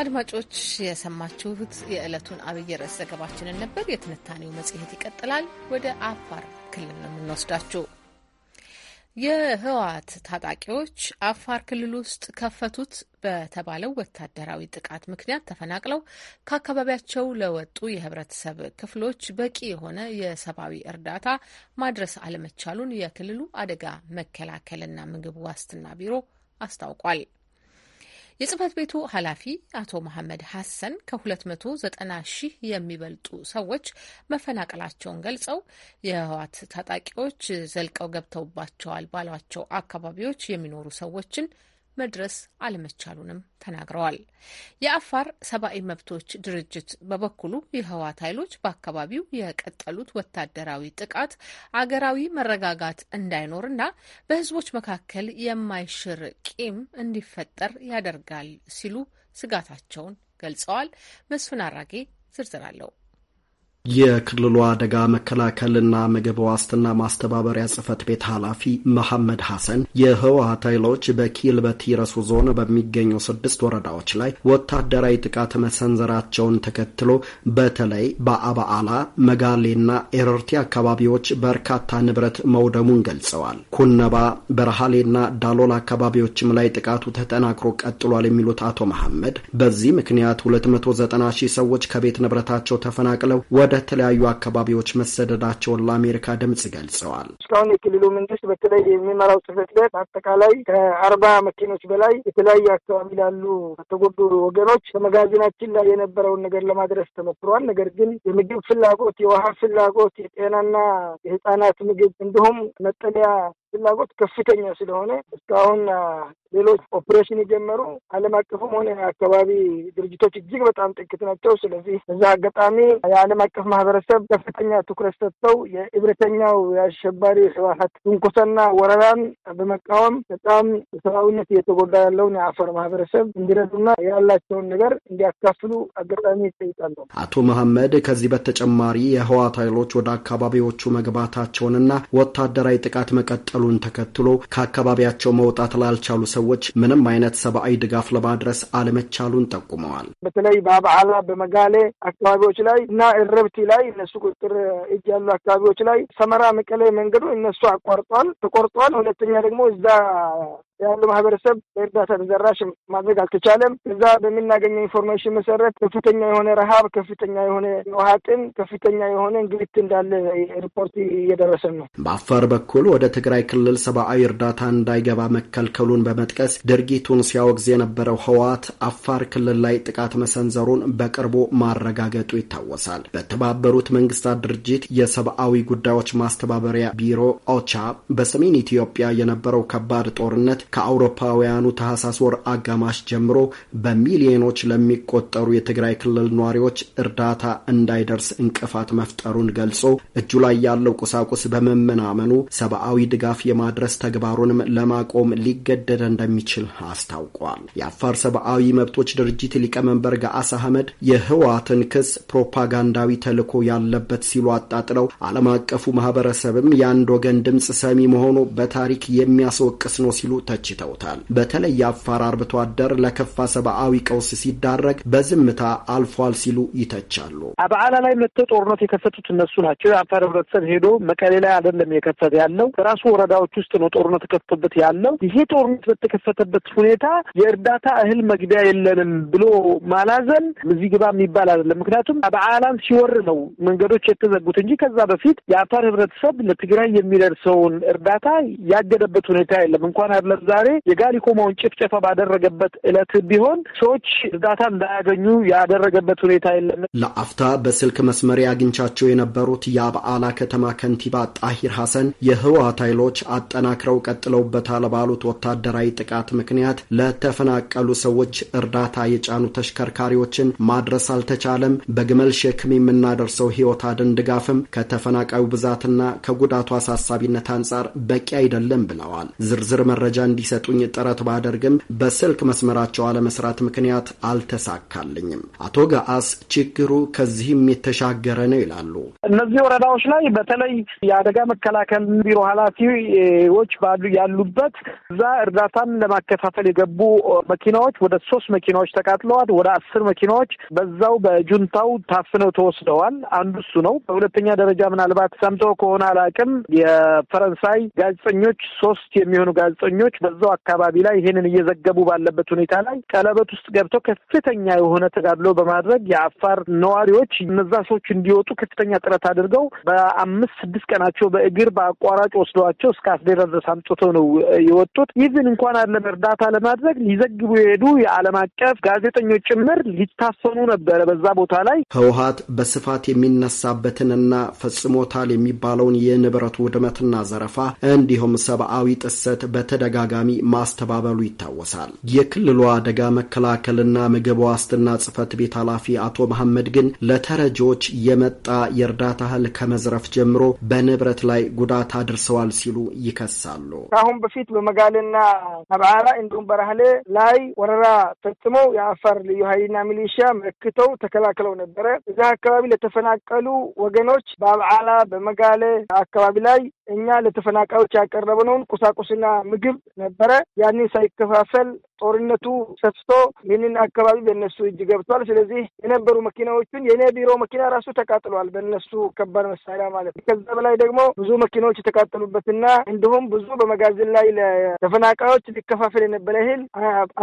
አድማጮች የሰማችሁት የዕለቱን አብይ ርዕስ ዘገባችንን ነበር። የትንታኔው መጽሔት ይቀጥላል። ወደ አፋር ክልል ነው የምንወስዳችሁ። የህወሓት ታጣቂዎች አፋር ክልል ውስጥ ከፈቱት በተባለው ወታደራዊ ጥቃት ምክንያት ተፈናቅለው ከአካባቢያቸው ለወጡ የህብረተሰብ ክፍሎች በቂ የሆነ የሰብአዊ እርዳታ ማድረስ አለመቻሉን የክልሉ አደጋ መከላከልና ምግብ ዋስትና ቢሮ አስታውቋል። የጽህፈት ቤቱ ኃላፊ አቶ መሐመድ ሐሰን ከ290 ሺህ የሚበልጡ ሰዎች መፈናቀላቸውን ገልጸው የህወሓት ታጣቂዎች ዘልቀው ገብተውባቸዋል ባሏቸው አካባቢዎች የሚኖሩ ሰዎችን መድረስ አለመቻሉንም ተናግረዋል። የአፋር ሰብአዊ መብቶች ድርጅት በበኩሉ የህወሓት ኃይሎች በአካባቢው የቀጠሉት ወታደራዊ ጥቃት አገራዊ መረጋጋት እንዳይኖርና በህዝቦች መካከል የማይሽር ቂም እንዲፈጠር ያደርጋል ሲሉ ስጋታቸውን ገልጸዋል። መስፍን አራጌ ዝርዝር አለው። የክልሉ አደጋ መከላከልና ምግብ ዋስትና ማስተባበሪያ ጽህፈት ቤት ኃላፊ መሐመድ ሐሰን የህወሀት ኃይሎች በኪልበቲ ረሱ ዞን በሚገኙ ስድስት ወረዳዎች ላይ ወታደራዊ ጥቃት መሰንዘራቸውን ተከትሎ በተለይ በአባአላ መጋሌና ኤረርቲ አካባቢዎች በርካታ ንብረት መውደሙን ገልጸዋል። ኩነባ፣ በረሃሌና ዳሎል አካባቢዎችም ላይ ጥቃቱ ተጠናክሮ ቀጥሏል የሚሉት አቶ መሐመድ በዚህ ምክንያት 290 ሺህ ሰዎች ከቤት ንብረታቸው ተፈናቅለው ወደ ተለያዩ አካባቢዎች መሰደዳቸውን ለአሜሪካ ድምጽ ገልጸዋል። እስካሁን የክልሉ መንግስት በተለይ የሚመራው ጽህፈት ቤት አጠቃላይ ከአርባ መኪኖች በላይ የተለያዩ አካባቢ ላሉ ተጎዱ ወገኖች ከመጋዘናችን ላይ የነበረውን ነገር ለማድረስ ተሞክሯል። ነገር ግን የምግብ ፍላጎት፣ የውሃ ፍላጎት፣ የጤናና የህጻናት ምግብ እንዲሁም መጠለያ ፍላጎት ከፍተኛ ስለሆነ እስካሁን ሌሎች ኦፕሬሽን የጀመሩ ዓለም አቀፍም ሆነ አካባቢ ድርጅቶች እጅግ በጣም ጥቂት ናቸው። ስለዚህ እዛ አጋጣሚ የዓለም አቀፍ ማህበረሰብ ከፍተኛ ትኩረት ሰጥተው የእብረተኛው የአሸባሪ ህወሓት ትንኮሳና ወረራን በመቃወም በጣም ሰብአዊነት እየተጎዳ ያለውን የአፈር ማህበረሰብ እንዲረዱና ያላቸውን ነገር እንዲያካፍሉ አጋጣሚ ይጠይቃለሁ። አቶ መሐመድ ከዚህ በተጨማሪ የህወሓት ኃይሎች ወደ አካባቢዎቹ መግባታቸውንና ወታደራዊ ጥቃት መቀጠ መቃጠሉን ተከትሎ ከአካባቢያቸው መውጣት ላልቻሉ ሰዎች ምንም አይነት ሰብአዊ ድጋፍ ለማድረስ አለመቻሉን ጠቁመዋል። በተለይ በአበዓላ በመጋሌ አካባቢዎች ላይ እና እረብቲ ላይ እነሱ ቁጥር እጅ ያሉ አካባቢዎች ላይ ሰመራ መቀሌ መንገዱ እነሱ አቋርጧል፣ ተቆርጧል። ሁለተኛ ደግሞ እዛ ያሉ ማህበረሰብ በእርዳታ ተደራሽ ማድረግ አልተቻለም። እዛ በምናገኘው ኢንፎርሜሽን መሰረት ከፍተኛ የሆነ ረሃብ፣ ከፍተኛ የሆነ ውሃ ጥም፣ ከፍተኛ የሆነ እንግልት እንዳለ ሪፖርት እየደረሰን ነው። በአፋር በኩል ወደ ትግራይ ክልል ሰብአዊ እርዳታ እንዳይገባ መከልከሉን በመጥቀስ ድርጊቱን ሲያወግዝ የነበረው ህወሓት አፋር ክልል ላይ ጥቃት መሰንዘሩን በቅርቡ ማረጋገጡ ይታወሳል። በተባበሩት መንግስታት ድርጅት የሰብአዊ ጉዳዮች ማስተባበሪያ ቢሮ ኦቻ በሰሜን ኢትዮጵያ የነበረው ከባድ ጦርነት ከአውሮፓውያኑ ታህሳስ ወር አጋማሽ ጀምሮ በሚሊዮኖች ለሚቆጠሩ የትግራይ ክልል ነዋሪዎች እርዳታ እንዳይደርስ እንቅፋት መፍጠሩን ገልጾ እጁ ላይ ያለው ቁሳቁስ በመመናመኑ ሰብአዊ ድጋፍ የማድረስ ተግባሩንም ለማቆም ሊገደድ እንደሚችል አስታውቋል። የአፋር ሰብአዊ መብቶች ድርጅት ሊቀመንበር ገአሳ አህመድ የህወሓትን ክስ ፕሮፓጋንዳዊ ተልዕኮ ያለበት ሲሉ አጣጥለው ዓለም አቀፉ ማህበረሰብም የአንድ ወገን ድምፅ ሰሚ መሆኑ በታሪክ የሚያስወቅስ ነው ሲሉ ተችተውታል። በተለይ የአፋር አርብቶ አደር ለከፋ ሰብአዊ ቀውስ ሲዳረግ በዝምታ አልፏል ሲሉ ይተቻሉ። በዓላ ላይ መጥተው ጦርነት የከፈቱት እነሱ ናቸው። የአፋር ህብረተሰብ ሄዶ መቀሌ ላይ አይደለም የከፈተ ያለው በራሱ ወረዳዎች ውስጥ ነው ጦርነት ተከፍቶበት ያለው። ይሄ ጦርነት በተከፈተበት ሁኔታ የእርዳታ እህል መግቢያ የለንም ብሎ ማላዘን እዚህ ግባ የሚባል አይደለም። ምክንያቱም በዓላም ሲወር ነው መንገዶች የተዘጉት እንጂ ከዛ በፊት የአፋር ህብረተሰብ ለትግራይ የሚደርሰውን እርዳታ ያገደበት ሁኔታ የለም። እንኳን አይደለም ዛሬ የጋሊኮማውን ጭፍጨፋ ባደረገበት እለት ቢሆን ሰዎች እርዳታ እንዳያገኙ ያደረገበት ሁኔታ የለም። ለአፍታ በስልክ መስመር አግኝቻቸው የነበሩት የአብዓላ ከተማ ከንቲባ ጣሂር ሐሰን የህወሀት ኃይሎች አጠናክረው ቀጥለውበታል ባሉት ወታደራዊ ጥቃት ምክንያት ለተፈናቀሉ ሰዎች እርዳታ የጫኑ ተሽከርካሪዎችን ማድረስ አልተቻለም። በግመል ሸክም የምናደርሰው ህይወት አድን ድጋፍም ከተፈናቃዩ ብዛትና ከጉዳቱ አሳሳቢነት አንጻር በቂ አይደለም ብለዋል። ዝርዝር መረጃ እንዲሰጡኝ ጥረት ባደርግም በስልክ መስመራቸው አለመስራት ምክንያት አልተሳካልኝም። አቶ ገአስ ችግሩ ከዚህም የተሻገረ ነው ይላሉ። እነዚህ ወረዳዎች ላይ በተለይ የአደጋ መከላከል ቢሮ ኃላፊዎች ያሉበት እዛ እርዳታን ለማከፋፈል የገቡ መኪናዎች ወደ ሶስት መኪናዎች ተቃጥለዋል። ወደ አስር መኪናዎች በዛው በጁንታው ታፍነው ተወስደዋል። አንዱ እሱ ነው። በሁለተኛ ደረጃ ምናልባት ሰምተው ከሆነ አላቅም የፈረንሳይ ጋዜጠኞች ሶስት የሚሆኑ ጋዜጠኞች በዛው አካባቢ ላይ ይሄንን እየዘገቡ ባለበት ሁኔታ ላይ ቀለበት ውስጥ ገብተው ከፍተኛ የሆነ ተጋድሎ በማድረግ የአፋር ነዋሪዎች እነዛ ሰዎች እንዲወጡ ከፍተኛ ጥረት አድርገው በአምስት ስድስት ቀናቸው በእግር በአቋራጭ ወስደዋቸው እስከ አስዴራ ድረስ አምጥተው ነው የወጡት። ይህን እንኳን አለ እርዳታ ለማድረግ ሊዘግቡ የሄዱ የዓለም አቀፍ ጋዜጠኞች ጭምር ሊታሰኑ ነበረ በዛ ቦታ ላይ ህወሀት በስፋት የሚነሳበትንና ፈጽሞታል የሚባለውን የንብረት ውድመትና ዘረፋ እንዲሁም ሰብአዊ ጥሰት በተደጋጋ በተደጋጋሚ ማስተባበሉ ይታወሳል። የክልሉ አደጋ መከላከልና ምግብ ዋስትና ጽህፈት ቤት ኃላፊ አቶ መሐመድ ግን ለተረጂዎች የመጣ የእርዳታ እህል ከመዝረፍ ጀምሮ በንብረት ላይ ጉዳት አድርሰዋል ሲሉ ይከሳሉ። ከአሁን በፊት በመጋሌና አብዓራ እንዲሁም በራህሌ ላይ ወረራ ፈጽመው የአፋር ልዩ ኃይልና ሚሊሻ መክተው ተከላክለው ነበረ። እዚህ አካባቢ ለተፈናቀሉ ወገኖች በአብዓላ በመጋሌ አካባቢ ላይ እኛ ለተፈናቃዮች ያቀረብነውን ቁሳቁስና ምግብ ነበረ። ያንን ሳይከፋፈል ጦርነቱ ሰፍቶ ይህንን አካባቢ በእነሱ እጅ ገብቷል። ስለዚህ የነበሩ መኪናዎቹን የእኔ ቢሮ መኪና ራሱ ተቃጥሏል፣ በእነሱ ከባድ መሳሪያ ማለት ነው። ከዛ በላይ ደግሞ ብዙ መኪናዎች የተቃጠሉበትና እንዲሁም ብዙ በመጋዘን ላይ ለተፈናቃዮች ሊከፋፈል የነበረ ይህል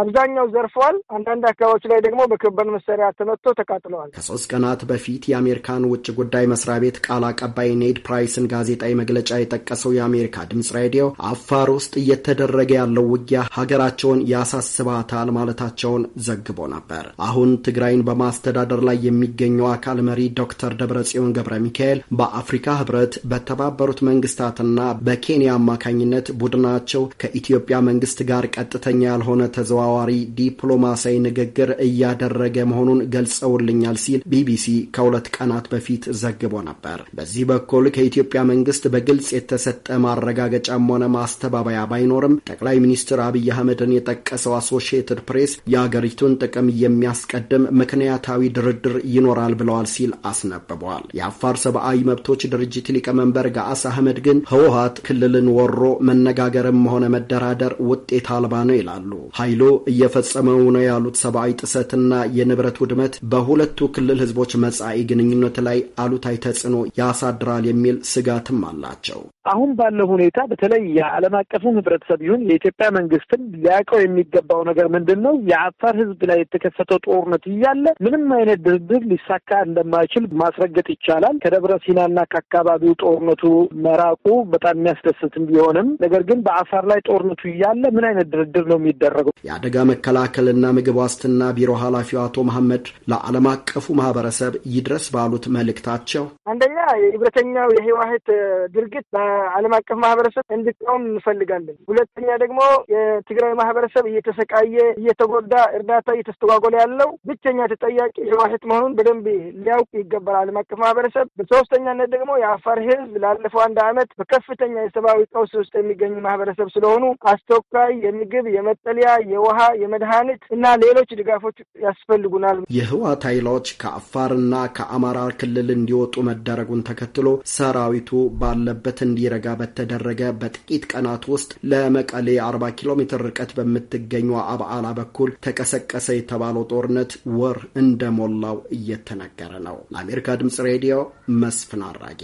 አብዛኛው ዘርፈዋል። አንዳንድ አካባቢዎች ላይ ደግሞ በከባድ መሳሪያ ተመቶ ተቃጥለዋል። ከሶስት ቀናት በፊት የአሜሪካን ውጭ ጉዳይ መስሪያ ቤት ቃል አቀባይ ኔድ ፕራይስን ጋዜጣዊ መግለጫ የጠቀሰው የአሜሪካ ድምጽ ሬዲዮ አፋር ውስጥ እየተደረገ ያለው ውጊያ ሀገራቸውን ያሳ ያሳስባታል ማለታቸውን ዘግቦ ነበር። አሁን ትግራይን በማስተዳደር ላይ የሚገኘው አካል መሪ ዶክተር ደብረጽዮን ገብረ ሚካኤል በአፍሪካ ህብረት በተባበሩት መንግስታትና በኬንያ አማካኝነት ቡድናቸው ከኢትዮጵያ መንግስት ጋር ቀጥተኛ ያልሆነ ተዘዋዋሪ ዲፕሎማሲያዊ ንግግር እያደረገ መሆኑን ገልጸውልኛል ሲል ቢቢሲ ከሁለት ቀናት በፊት ዘግቦ ነበር። በዚህ በኩል ከኢትዮጵያ መንግስት በግልጽ የተሰጠ ማረጋገጫም ሆነ ማስተባበያ ባይኖርም ጠቅላይ ሚኒስትር አብይ አህመድን የጠቀሰው አሶሺየትድ ፕሬስ የአገሪቱን ጥቅም የሚያስቀድም ምክንያታዊ ድርድር ይኖራል ብለዋል ሲል አስነብቧል። የአፋር ሰብአዊ መብቶች ድርጅት ሊቀመንበር ጋአስ አህመድ ግን ህወሀት ክልልን ወሮ መነጋገርም ሆነ መደራደር ውጤት አልባ ነው ይላሉ። ኃይሉ እየፈጸመው ነው ያሉት ሰብአዊ ጥሰትና የንብረት ውድመት በሁለቱ ክልል ህዝቦች መጻኢ ግንኙነት ላይ አሉታዊ ተጽዕኖ ያሳድራል የሚል ስጋትም አላቸው። አሁን ባለው ሁኔታ በተለይ የዓለም አቀፉ ህብረተሰብ ይሁን የኢትዮጵያ መንግስትም ሊያውቀው የሚገ የሚገባው ነገር ምንድን ነው? የአፋር ህዝብ ላይ የተከፈተው ጦርነት እያለ ምንም አይነት ድርድር ሊሳካ እንደማይችል ማስረገጥ ይቻላል። ከደብረ ሲናና ከአካባቢው ጦርነቱ መራቁ በጣም የሚያስደስትም ቢሆንም ነገር ግን በአፋር ላይ ጦርነቱ እያለ ምን አይነት ድርድር ነው የሚደረገው? የአደጋ መከላከልና ምግብ ዋስትና ቢሮ ኃላፊው አቶ መሐመድ ለዓለም አቀፉ ማህበረሰብ ይድረስ ባሉት መልእክታቸው አንደኛ የህብረተኛው የህወሀት ድርጊት በዓለም አቀፍ ማህበረሰብ እንድቃውም እንፈልጋለን። ሁለተኛ ደግሞ የትግራይ ማህበረሰብ እየተ እየተሰቃየ እየተጎዳ እርዳታ እየተስተጓጎለ ያለው ብቸኛ ተጠያቂ ህዋሰት መሆኑን በደንብ ሊያውቅ ይገባል ዓለም አቀፍ ማህበረሰብ። በሶስተኛነት ደግሞ የአፋር ህዝብ ላለፈው አንድ ዓመት በከፍተኛ የሰብአዊ ቀውስ ውስጥ የሚገኙ ማህበረሰብ ስለሆኑ አስቸኳይ የምግብ፣ የመጠለያ፣ የውሃ፣ የመድኃኒት እና ሌሎች ድጋፎች ያስፈልጉናል። የህወሓት ኃይሎች ከአፋርና ከአማራ ክልል እንዲወጡ መደረጉን ተከትሎ ሰራዊቱ ባለበት እንዲረጋ በተደረገ በጥቂት ቀናት ውስጥ ለመቀሌ አርባ ኪሎ ሜትር ርቀት በምትገኝ በጋዜጠኛዋ አብዓላ በኩል ተቀሰቀሰ የተባለው ጦርነት ወር እንደሞላው እየተነገረ ነው። ለአሜሪካ ድምጽ ሬዲዮ መስፍን አራጌ።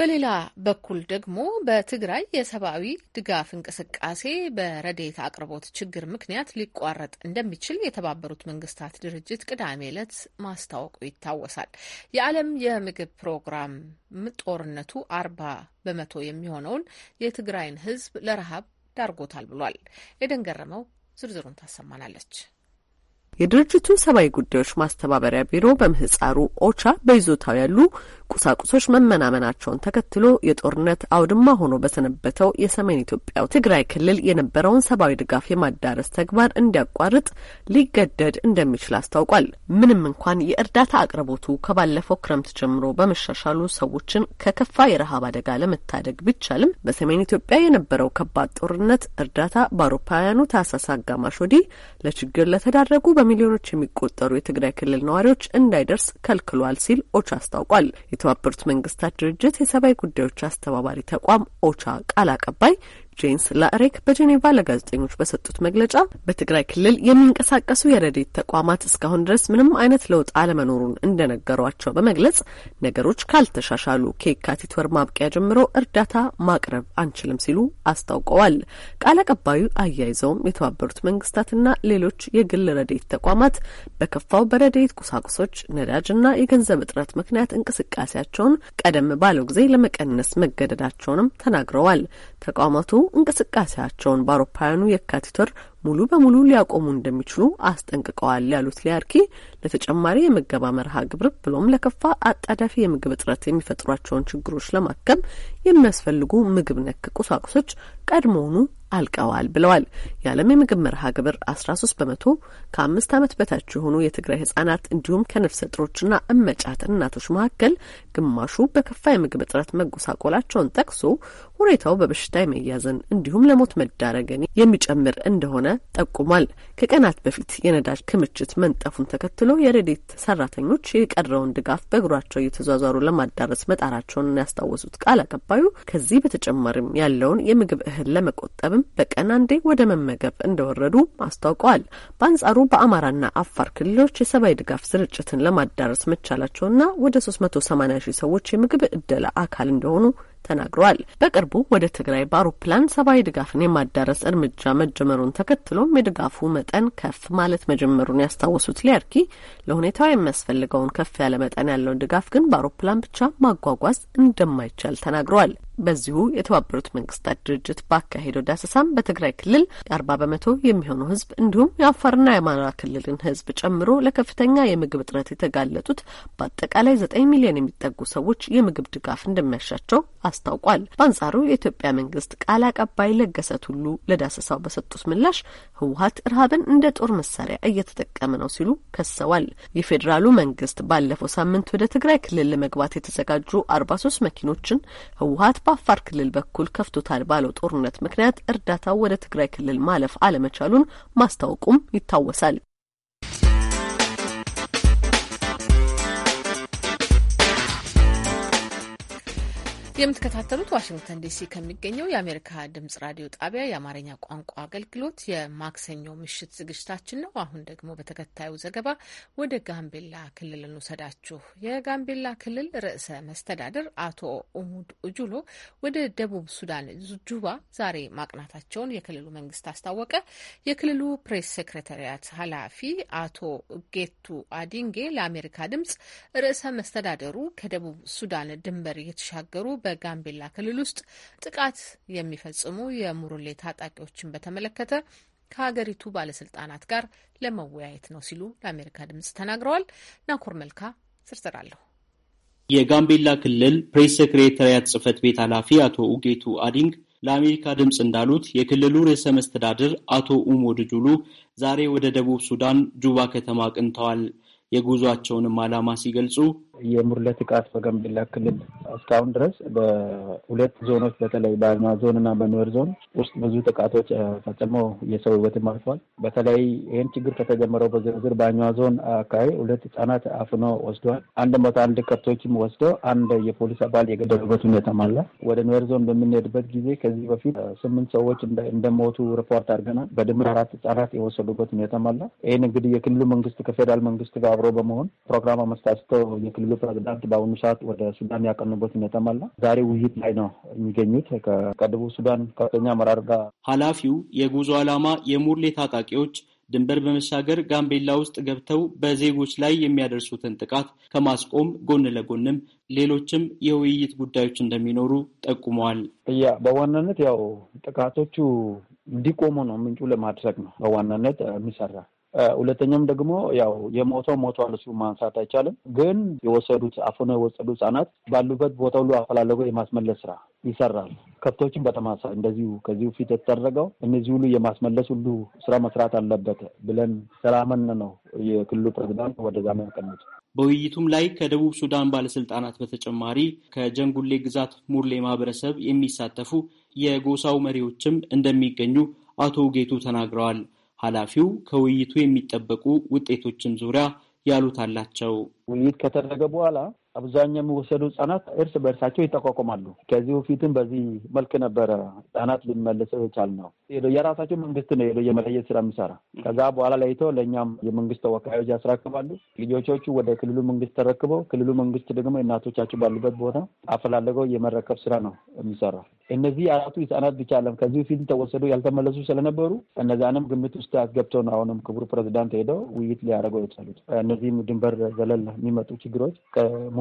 በሌላ በኩል ደግሞ በትግራይ የሰብአዊ ድጋፍ እንቅስቃሴ በረዴት አቅርቦት ችግር ምክንያት ሊቋረጥ እንደሚችል የተባበሩት መንግስታት ድርጅት ቅዳሜ ዕለት ማስታወቁ ይታወሳል። የዓለም የምግብ ፕሮግራም ጦርነቱ አርባ በመቶ የሚሆነውን የትግራይን ሕዝብ ለረሃብ ዳርጎታል ብሏል። ኤደን ገረመው ዝርዝሩን ታሰማናለች። የድርጅቱ ሰብአዊ ጉዳዮች ማስተባበሪያ ቢሮ በምህጻሩ ኦቻ በይዞታው ያሉ ቁሳቁሶች መመናመናቸውን ተከትሎ የጦርነት አውድማ ሆኖ በሰነበተው የሰሜን ኢትዮጵያው ትግራይ ክልል የነበረውን ሰብአዊ ድጋፍ የማዳረስ ተግባር እንዲያቋርጥ ሊገደድ እንደሚችል አስታውቋል። ምንም እንኳን የእርዳታ አቅርቦቱ ከባለፈው ክረምት ጀምሮ በመሻሻሉ ሰዎችን ከከፋ የረሃብ አደጋ ለመታደግ ቢቻልም በሰሜን ኢትዮጵያ የነበረው ከባድ ጦርነት እርዳታ በአውሮፓውያኑ ታህሳስ አጋማሽ ወዲህ ለችግር ለተዳረጉ በሚሊዮኖች የሚቆጠሩ የትግራይ ክልል ነዋሪዎች እንዳይደርስ ከልክሏል ሲል ኦቻ አስታውቋል። የተባበሩት መንግስታት ድርጅት የሰብአዊ ጉዳዮች አስተባባሪ ተቋም ኦቻ ቃል አቀባይ ጄንስ ላሬክ በጄኔቫ ለጋዜጠኞች በሰጡት መግለጫ በትግራይ ክልል የሚንቀሳቀሱ የረዴት ተቋማት እስካሁን ድረስ ምንም አይነት ለውጥ አለመኖሩን እንደነገሯቸው በመግለጽ ነገሮች ካልተሻሻሉ ከየካቲት ወር ማብቂያ ጀምሮ እርዳታ ማቅረብ አንችልም ሲሉ አስታውቀዋል። ቃል አቀባዩ አያይዘውም የተባበሩት መንግስታትና ሌሎች የግል ረዴት ተቋማት በከፋው በረዴት ቁሳቁሶች፣ ነዳጅና የገንዘብ እጥረት ምክንያት እንቅስቃሴያቸውን ቀደም ባለው ጊዜ ለመቀነስ መገደዳቸውንም ተናግረዋል። ተቋማቱ እንቅስቃሴያቸውን በአውሮፓውያኑ የካቲት ወር ሙሉ በሙሉ ሊያቆሙ እንደሚችሉ አስጠንቅቀዋል ያሉት ሊያርኪ ለተጨማሪ የምገባ መርሃ ግብር ብሎም ለከፋ አጣዳፊ የምግብ እጥረት የሚፈጥሯቸውን ችግሮች ለማከም የሚያስፈልጉ ምግብ ነክ ቁሳቁሶች ቀድሞውኑ አልቀዋል ብለዋል። የዓለም የምግብ መርሃ ግብር አስራ ሶስት በመቶ ከአምስት ዓመት በታች የሆኑ የትግራይ ህጻናት እንዲሁም ከነፍሰ ጥሮችና እመጫት እናቶች መካከል ግማሹ በከፋ የምግብ እጥረት መጎሳቆላቸውን ጠቅሶ ሁኔታው በበሽታ የመያዝን እንዲሁም ለሞት መዳረግን የሚጨምር እንደሆነ ጠቁሟል። ከቀናት በፊት የነዳጅ ክምችት መንጠፉን ተከትሎ የረዴት ሰራተኞች የቀረውን ድጋፍ በእግሯቸው እየተዟዟሩ ለማዳረስ መጣራቸውን ያስታወሱት ቃል አቀባዩ ከዚህ በተጨማሪም ያለውን የምግብ እህል ለመቆጠብም በቀን አንዴ ወደ መመገብ እንደወረዱ አስታውቀዋል። በአንጻሩ በአማራና አፋር ክልሎች የሰብአዊ ድጋፍ ስርጭትን ለማዳረስ መቻላቸውና ወደ ሶስት መቶ ሰማኒያ ሺህ ሰዎች የምግብ እደላ አካል እንደሆኑ ተናግረዋል። በቅርቡ ወደ ትግራይ በአውሮፕላን ሰብአዊ ድጋፍን የማዳረስ እርምጃ መጀመሩን ተከትሎም የድጋፉ መጠን ከፍ ማለት መጀመሩን ያስታወሱት ሊያርኪ ለሁኔታው የሚያስፈልገውን ከፍ ያለ መጠን ያለውን ድጋፍ ግን በአውሮፕላን ብቻ ማጓጓዝ እንደማይቻል ተናግረዋል። በዚሁ የተባበሩት መንግስታት ድርጅት ባካሄደው ዳሰሳም በትግራይ ክልል አርባ በመቶ የሚሆኑ ህዝብ እንዲሁም የአፋርና የአማራ ክልልን ህዝብ ጨምሮ ለከፍተኛ የምግብ እጥረት የተጋለጡት በአጠቃላይ ዘጠኝ ሚሊዮን የሚጠጉ ሰዎች የምግብ ድጋፍ እንደሚያሻቸው አስታውቋል። በአንጻሩ የኢትዮጵያ መንግስት ቃል አቀባይ ለገሰ ቱሉ ለዳሰሳው በሰጡት ምላሽ ህወሀት እርሃብን እንደ ጦር መሳሪያ እየተጠቀመ ነው ሲሉ ከሰዋል። የፌዴራሉ መንግስት ባለፈው ሳምንት ወደ ትግራይ ክልል ለመግባት የተዘጋጁ አርባ ሶስት መኪኖችን ህወሀት በአፋር ክልል በኩል ከፍቶታል ባለው ጦርነት ምክንያት እርዳታው ወደ ትግራይ ክልል ማለፍ አለመቻሉን ማስታወቁም ይታወሳል። የምትከታተሉት ዋሽንግተን ዲሲ ከሚገኘው የአሜሪካ ድምጽ ራዲዮ ጣቢያ የአማርኛ ቋንቋ አገልግሎት የማክሰኞ ምሽት ዝግጅታችን ነው። አሁን ደግሞ በተከታዩ ዘገባ ወደ ጋምቤላ ክልል እንውሰዳችሁ። የጋምቤላ ክልል ርዕሰ መስተዳድር አቶ ኡሙድ ኡጁሎ ወደ ደቡብ ሱዳን ጁባ ዛሬ ማቅናታቸውን የክልሉ መንግስት አስታወቀ። የክልሉ ፕሬስ ሴክሬታሪያት ኃላፊ አቶ ጌቱ አዲንጌ ለአሜሪካ ድምጽ ርዕሰ መስተዳደሩ ከደቡብ ሱዳን ድንበር የተሻገሩ በጋምቤላ ክልል ውስጥ ጥቃት የሚፈጽሙ የሙሩሌ ታጣቂዎችን በተመለከተ ከሀገሪቱ ባለስልጣናት ጋር ለመወያየት ነው ሲሉ ለአሜሪካ ድምጽ ተናግረዋል። ናኮር መልካ ዝርዝር አለሁ። የጋምቤላ ክልል ፕሬስ ሴክሬታሪያት ጽህፈት ቤት ኃላፊ አቶ ኡጌቱ አዲንግ ለአሜሪካ ድምፅ እንዳሉት የክልሉ ርዕሰ መስተዳድር አቶ ኡሞድ ጁሉ ዛሬ ወደ ደቡብ ሱዳን ጁባ ከተማ አቅንተዋል። የጉዟቸውንም ዓላማ ሲገልጹ የሙርለት ጥቃት በጋምቤላ ክልል እስካሁን ድረስ በሁለት ዞኖች በተለይ በአርማ ዞን እና በኑዌር ዞን ውስጥ ብዙ ጥቃቶች ፈጽመው የሰው ሕይወትም አልፏል። በተለይ ይህን ችግር ከተጀመረው በዝርዝር በአኛ ዞን አካባቢ ሁለት ህጻናት አፍኖ ወስደዋል። አንድ መቶ አንድ ከብቶችም ወስደው አንድ የፖሊስ አባል የገደሉበት ሁኔታ አለ። ወደ ኑዌር ዞን በምንሄድበት ጊዜ ከዚህ በፊት ስምንት ሰዎች እንደሞቱ ሪፖርት አድርገናል። በድምር አራት ህጻናት የወሰዱበት ሁኔታ አለ። ይህን እንግዲህ የክልሉ መንግስት ከፌዴራል መንግስት ጋር አብሮ በመሆን ፕሮግራም አመስታስተው የክልሉ ብሎ ፕሬዚዳንት በአሁኑ ሰዓት ወደ ሱዳን ያቀኑበት ሁኔታም አለ። ዛሬ ውይይት ላይ ነው የሚገኙት ከደቡብ ሱዳን ከፍተኛ አመራር ጋር። ኃላፊው የጉዞ ዓላማ የሙርሌ ታጣቂዎች ድንበር በመሻገር ጋምቤላ ውስጥ ገብተው በዜጎች ላይ የሚያደርሱትን ጥቃት ከማስቆም ጎን ለጎንም ሌሎችም የውይይት ጉዳዮች እንደሚኖሩ ጠቁመዋል። እያ በዋናነት ያው ጥቃቶቹ እንዲቆሙ ነው ምንጩ ለማድረግ ነው በዋናነት የሚሰራ ሁለተኛም ደግሞ ያው የሞተው ሞቷል፣ እሱ ማንሳት አይቻልም። ግን የወሰዱት አፍኖ የወሰዱ ህጻናት ባሉበት ቦታ ሁሉ አፈላለጉ የማስመለስ ስራ ይሰራል። ከብቶችን በተማሳ እንደዚሁ ከዚሁ ፊት የተደረገው እነዚህ ሁሉ የማስመለስ ሁሉ ስራ መስራት አለበት ብለን ስላመን ነው የክልሉ ፕሬዚዳንት ወደዛ ያቀኑት። በውይይቱም ላይ ከደቡብ ሱዳን ባለስልጣናት በተጨማሪ ከጀንጉሌ ግዛት ሙርሌ ማህበረሰብ የሚሳተፉ የጎሳው መሪዎችም እንደሚገኙ አቶ ጌቱ ተናግረዋል። ኃላፊው ከውይይቱ የሚጠበቁ ውጤቶችም ዙሪያ ያሉት አላቸው። ውይይት ከተደረገ በኋላ አብዛኛው የሚወሰዱ ህጻናት እርስ በእርሳቸው ይጠቋቁማሉ። ከዚህ በፊትም በዚህ መልክ ነበረ ህጻናት ልንመልሰው የቻል ነው። የራሳቸው መንግስት ነው የመለየት ስራ የሚሰራ ከዛ በኋላ ለይቶ ለእኛም የመንግስት ተወካዮች ያስረክባሉ። ልጆቹ ወደ ክልሉ መንግስት ተረክበው ክልሉ መንግስት ደግሞ እናቶቻቸው ባሉበት ቦታ አፈላለገው የመረከብ ስራ ነው የሚሰራ። እነዚህ አራቱ ህጻናት ብቻ አለም ከዚህ በፊትም ተወሰዱ ያልተመለሱ ስለነበሩ እነዛንም ግምት ውስጥ አስገብተው ነው አሁንም ክቡር ፕሬዚዳንት ሄደው ውይይት ሊያደርገው የቻሉት እነዚህም ድንበር ዘለል የሚመጡ ችግሮች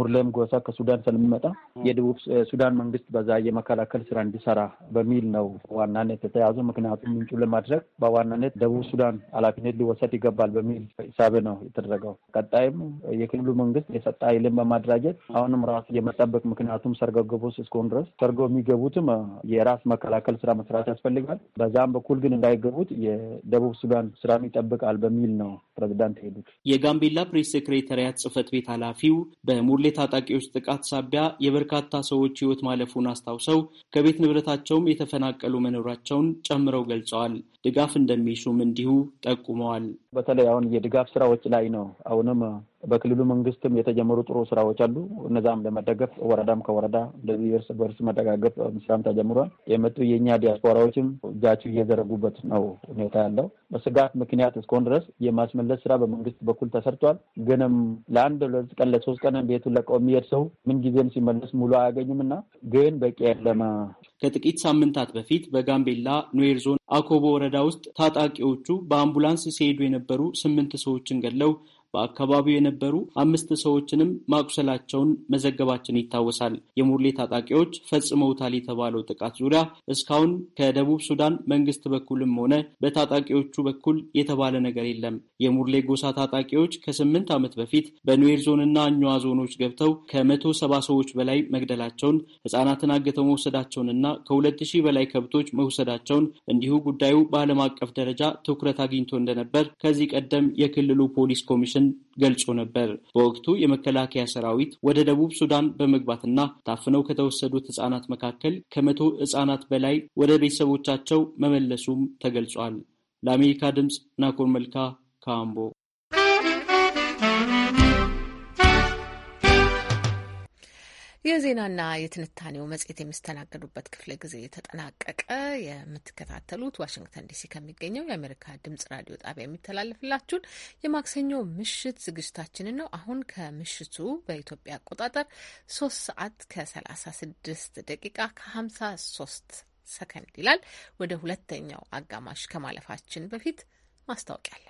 ሙርሌም ጎሳ ከሱዳን ስንመጣ የደቡብ ሱዳን መንግስት በዛ የመከላከል ስራ እንዲሰራ በሚል ነው ዋናነት የተያዙ። ምክንያቱም ምንጩ ለማድረግ በዋናነት ደቡብ ሱዳን ኃላፊነት ሊወሰድ ይገባል በሚል ሂሳብ ነው የተደረገው። ቀጣይም የክልሉ መንግስት የጸጥታ ኃይልን በማደራጀት አሁንም ራሱ የመጠበቅ ምክንያቱም ሰርገው ገቦስ እስከሆኑ ድረስ ሰርገው የሚገቡትም የራስ መከላከል ስራ መስራት ያስፈልጋል። በዛም በኩል ግን እንዳይገቡት የደቡብ ሱዳን ስራ ይጠብቃል በሚል ነው ፕሬዚዳንት ሄዱት። የጋምቤላ ፕሬስ ሴክሬታሪያት ጽህፈት ቤት ኃላፊው በሙርሌ የታጣቂዎች ጥቃት ሳቢያ የበርካታ ሰዎች ሕይወት ማለፉን አስታውሰው ከቤት ንብረታቸውም የተፈናቀሉ መኖራቸውን ጨምረው ገልጸዋል። ድጋፍ እንደሚሹም እንዲሁ ጠቁመዋል። በተለይ አሁን የድጋፍ ስራዎች ላይ ነው አሁንም በክልሉ መንግስትም የተጀመሩ ጥሩ ስራዎች አሉ። እነዛም ለመደገፍ ወረዳም ከወረዳ እንደዚህ እርስ በርስ መደጋገፍ ስራም ተጀምሯል። የመጡ የእኛ ዲያስፖራዎችም እጃቸው እየዘረጉበት ነው ሁኔታ ያለው። በስጋት ምክንያት እስከሆን ድረስ የማስመለስ ስራ በመንግስት በኩል ተሰርቷል። ግንም ለአንድ ሁለት ቀን ለሶስት ቀን ቤቱን ለቀው የሚሄድ ሰው ጊዜም ሲመለስ ሙሉ አያገኝም እና ግን በቂ ያለማ ከጥቂት ሳምንታት በፊት በጋምቤላ ኑዌር ዞን አኮቦ ወረዳ ውስጥ ታጣቂዎቹ በአምቡላንስ ሲሄዱ የነበሩ ስምንት ሰዎችን ገድለው በአካባቢው የነበሩ አምስት ሰዎችንም ማቁሰላቸውን መዘገባችን ይታወሳል። የሙርሌ ታጣቂዎች ፈጽመውታል የተባለው ጥቃት ዙሪያ እስካሁን ከደቡብ ሱዳን መንግስት በኩልም ሆነ በታጣቂዎቹ በኩል የተባለ ነገር የለም። የሙርሌ ጎሳ ታጣቂዎች ከስምንት ዓመት በፊት በኑዌር ዞንና አኛዋ ዞኖች ገብተው ከመቶ ሰባ ሰዎች በላይ መግደላቸውን፣ ህጻናትን አግተው መውሰዳቸውንና ከሁለት ሺህ በላይ ከብቶች መውሰዳቸውን እንዲሁ ጉዳዩ በዓለም አቀፍ ደረጃ ትኩረት አግኝቶ እንደነበር ከዚህ ቀደም የክልሉ ፖሊስ ኮሚሽን መሆኑንም ገልጾ ነበር። በወቅቱ የመከላከያ ሰራዊት ወደ ደቡብ ሱዳን በመግባትና ታፍነው ከተወሰዱት ህጻናት መካከል ከመቶ ህጻናት በላይ ወደ ቤተሰቦቻቸው መመለሱም ተገልጿል። ለአሜሪካ ድምፅ ናኮር መልካ ካምቦ የዜናና የትንታኔው መጽሔት የሚስተናገዱበት ክፍለ ጊዜ የተጠናቀቀ። የምትከታተሉት ዋሽንግተን ዲሲ ከሚገኘው የአሜሪካ ድምጽ ራዲዮ ጣቢያ የሚተላለፍላችሁን የማክሰኞ ምሽት ዝግጅታችንን ነው። አሁን ከምሽቱ በኢትዮጵያ አቆጣጠር ሶስት ሰዓት ከሰላሳ ስድስት ደቂቃ ከሀምሳ ሶስት ሰከንድ ይላል። ወደ ሁለተኛው አጋማሽ ከማለፋችን በፊት ማስታወቂያ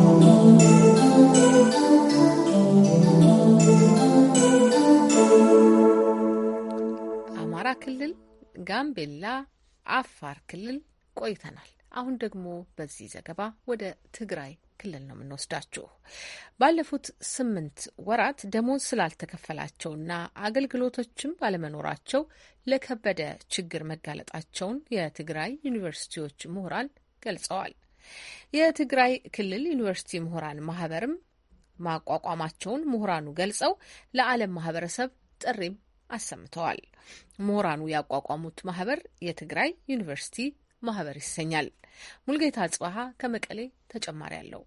አማራ ክልል፣ ጋምቤላ፣ አፋር ክልል ቆይተናል። አሁን ደግሞ በዚህ ዘገባ ወደ ትግራይ ክልል ነው የምንወስዳችሁ። ባለፉት ስምንት ወራት ደሞዝ ስላልተከፈላቸውና አገልግሎቶችም ባለመኖራቸው ለከበደ ችግር መጋለጣቸውን የትግራይ ዩኒቨርሲቲዎች ምሁራን ገልጸዋል። የትግራይ ክልል ዩኒቨርሲቲ ምሁራን ማህበርም ማቋቋማቸውን ምሁራኑ ገልጸው ለዓለም ማህበረሰብ ጥሪም አሰምተዋል። ምሁራኑ ያቋቋሙት ማህበር የትግራይ ዩኒቨርሲቲ ማህበር ይሰኛል። ሙልጌታ ጽባሀ ከመቀሌ ተጨማሪ አለው።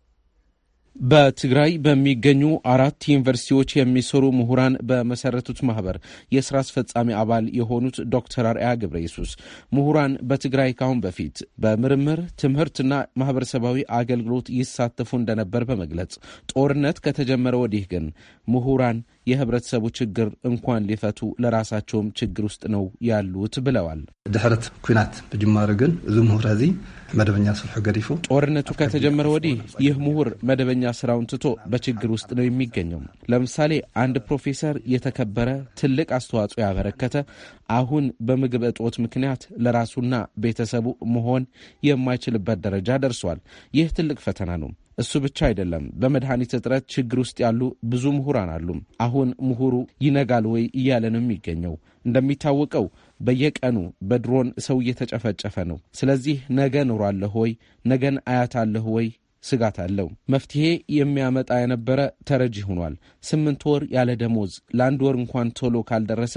በትግራይ በሚገኙ አራት ዩኒቨርሲቲዎች የሚሰሩ ምሁራን በመሰረቱት ማህበር የስራ አስፈጻሚ አባል የሆኑት ዶክተር አርአያ ገብረ ኢየሱስ ምሁራን በትግራይ ካሁን በፊት በምርምር ትምህርትና ማህበረሰባዊ አገልግሎት ይሳተፉ እንደነበር በመግለጽ ጦርነት ከተጀመረ ወዲህ ግን ምሁራን የህብረተሰቡ ችግር እንኳን ሊፈቱ ለራሳቸውም ችግር ውስጥ ነው ያሉት ብለዋል። ድሕረት ኩናት ብጅማሩ ግን እዚ ምሁር እዚ መደበኛ ስርሑ ገዲፉ ጦርነቱ ከተጀመረ ወዲህ ይህ ምሁር መደበኛ ስራውን ትቶ በችግር ውስጥ ነው የሚገኘው። ለምሳሌ አንድ ፕሮፌሰር የተከበረ ትልቅ አስተዋጽኦ ያበረከተ አሁን በምግብ እጦት ምክንያት ለራሱና ቤተሰቡ መሆን የማይችልበት ደረጃ ደርሷል። ይህ ትልቅ ፈተና ነው። እሱ ብቻ አይደለም። በመድኃኒት እጥረት ችግር ውስጥ ያሉ ብዙ ምሁራን አሉ። አሁን ምሁሩ ይነጋል ወይ እያለ ነው የሚገኘው። እንደሚታወቀው በየቀኑ በድሮን ሰው እየተጨፈጨፈ ነው። ስለዚህ ነገ እኖራለሁ ወይ ነገን አያታለሁ ወይ ስጋት አለው። መፍትሄ የሚያመጣ የነበረ ተረጂ ሆኗል። ስምንት ወር ያለ ደሞዝ ለአንድ ወር እንኳን ቶሎ ካልደረሰ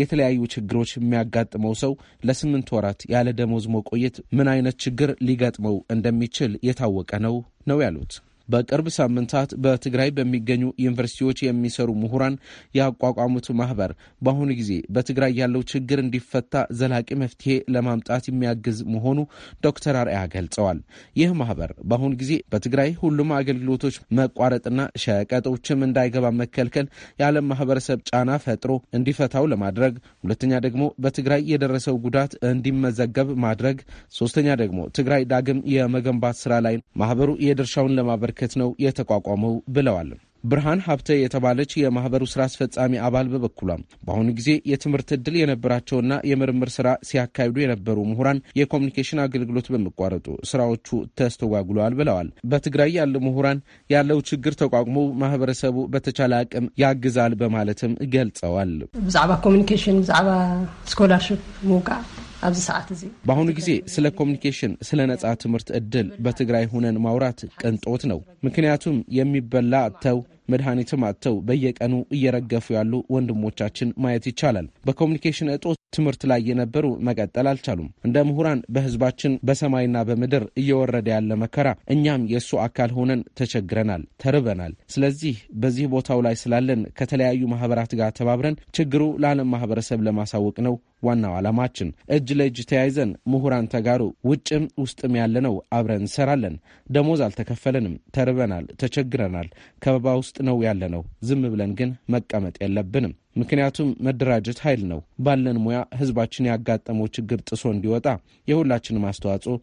የተለያዩ ችግሮች የሚያጋጥመው ሰው ለስምንት ወራት ያለ ደሞዝ መቆየት ምን አይነት ችግር ሊገጥመው እንደሚችል የታወቀ ነው ነው ያሉት። በቅርብ ሳምንታት በትግራይ በሚገኙ ዩኒቨርሲቲዎች የሚሰሩ ምሁራን ያቋቋሙት ማህበር በአሁኑ ጊዜ በትግራይ ያለው ችግር እንዲፈታ ዘላቂ መፍትሄ ለማምጣት የሚያግዝ መሆኑ ዶክተር አርያ ገልጸዋል። ይህ ማህበር በአሁኑ ጊዜ በትግራይ ሁሉም አገልግሎቶች መቋረጥና ሸቀጦችም እንዳይገባ መከልከል የዓለም ማህበረሰብ ጫና ፈጥሮ እንዲፈታው ለማድረግ፣ ሁለተኛ ደግሞ በትግራይ የደረሰው ጉዳት እንዲመዘገብ ማድረግ፣ ሶስተኛ ደግሞ ትግራይ ዳግም የመገንባት ስራ ላይ ማህበሩ የድርሻውን ለማበርከ ለማበርከት ነው የተቋቋመው ብለዋል። ብርሃን ሀብተ የተባለች የማህበሩ ስራ አስፈጻሚ አባል በበኩሏም በአሁኑ ጊዜ የትምህርት ዕድል የነበራቸውና የምርምር ስራ ሲያካሂዱ የነበሩ ምሁራን የኮሚኒኬሽን አገልግሎት በመቋረጡ ስራዎቹ ተስተጓጉለዋል ብለዋል። በትግራይ ያሉ ምሁራን ያለው ችግር ተቋቁሞ ማህበረሰቡ በተቻለ አቅም ያግዛል በማለትም ገልጸዋል። ብዛዕባ ኮሚኒኬሽን ብዛዕባ ስኮላርሽፕ ምውቃዕ ኣብዚ ሰዓት እዚ በአሁኑ ጊዜ ስለ ኮሚኒኬሽን፣ ስለ ነፃ ትምህርት ዕድል በትግራይ ሁነን ማውራት ቅንጦት ነው። ምክንያቱም የሚበላ ተው መድኃኒትም አጥተው በየቀኑ እየረገፉ ያሉ ወንድሞቻችን ማየት ይቻላል። በኮሚኒኬሽን እጦት ትምህርት ላይ የነበሩ መቀጠል አልቻሉም። እንደ ምሁራን በህዝባችን በሰማይና በምድር እየወረደ ያለ መከራ እኛም የእሱ አካል ሆነን ተቸግረናል፣ ተርበናል። ስለዚህ በዚህ ቦታው ላይ ስላለን ከተለያዩ ማህበራት ጋር ተባብረን ችግሩ ለዓለም ማህበረሰብ ለማሳወቅ ነው ዋናው ዓላማችን። እጅ ለእጅ ተያይዘን ምሁራን ተጋሩ ውጭም ውስጥም ያለነው አብረን እንሰራለን። ደሞዝ አልተከፈለንም፣ ተርበናል፣ ተቸግረናል። ከበባ ውስጥ ነው ያለነው። ዝም ብለን ግን መቀመጥ የለብንም። ምክንያቱም መደራጀት ኃይል ነው። ባለን ሙያ ህዝባችን ያጋጠመው ችግር ጥሶ እንዲወጣ የሁላችንም አስተዋጽኦ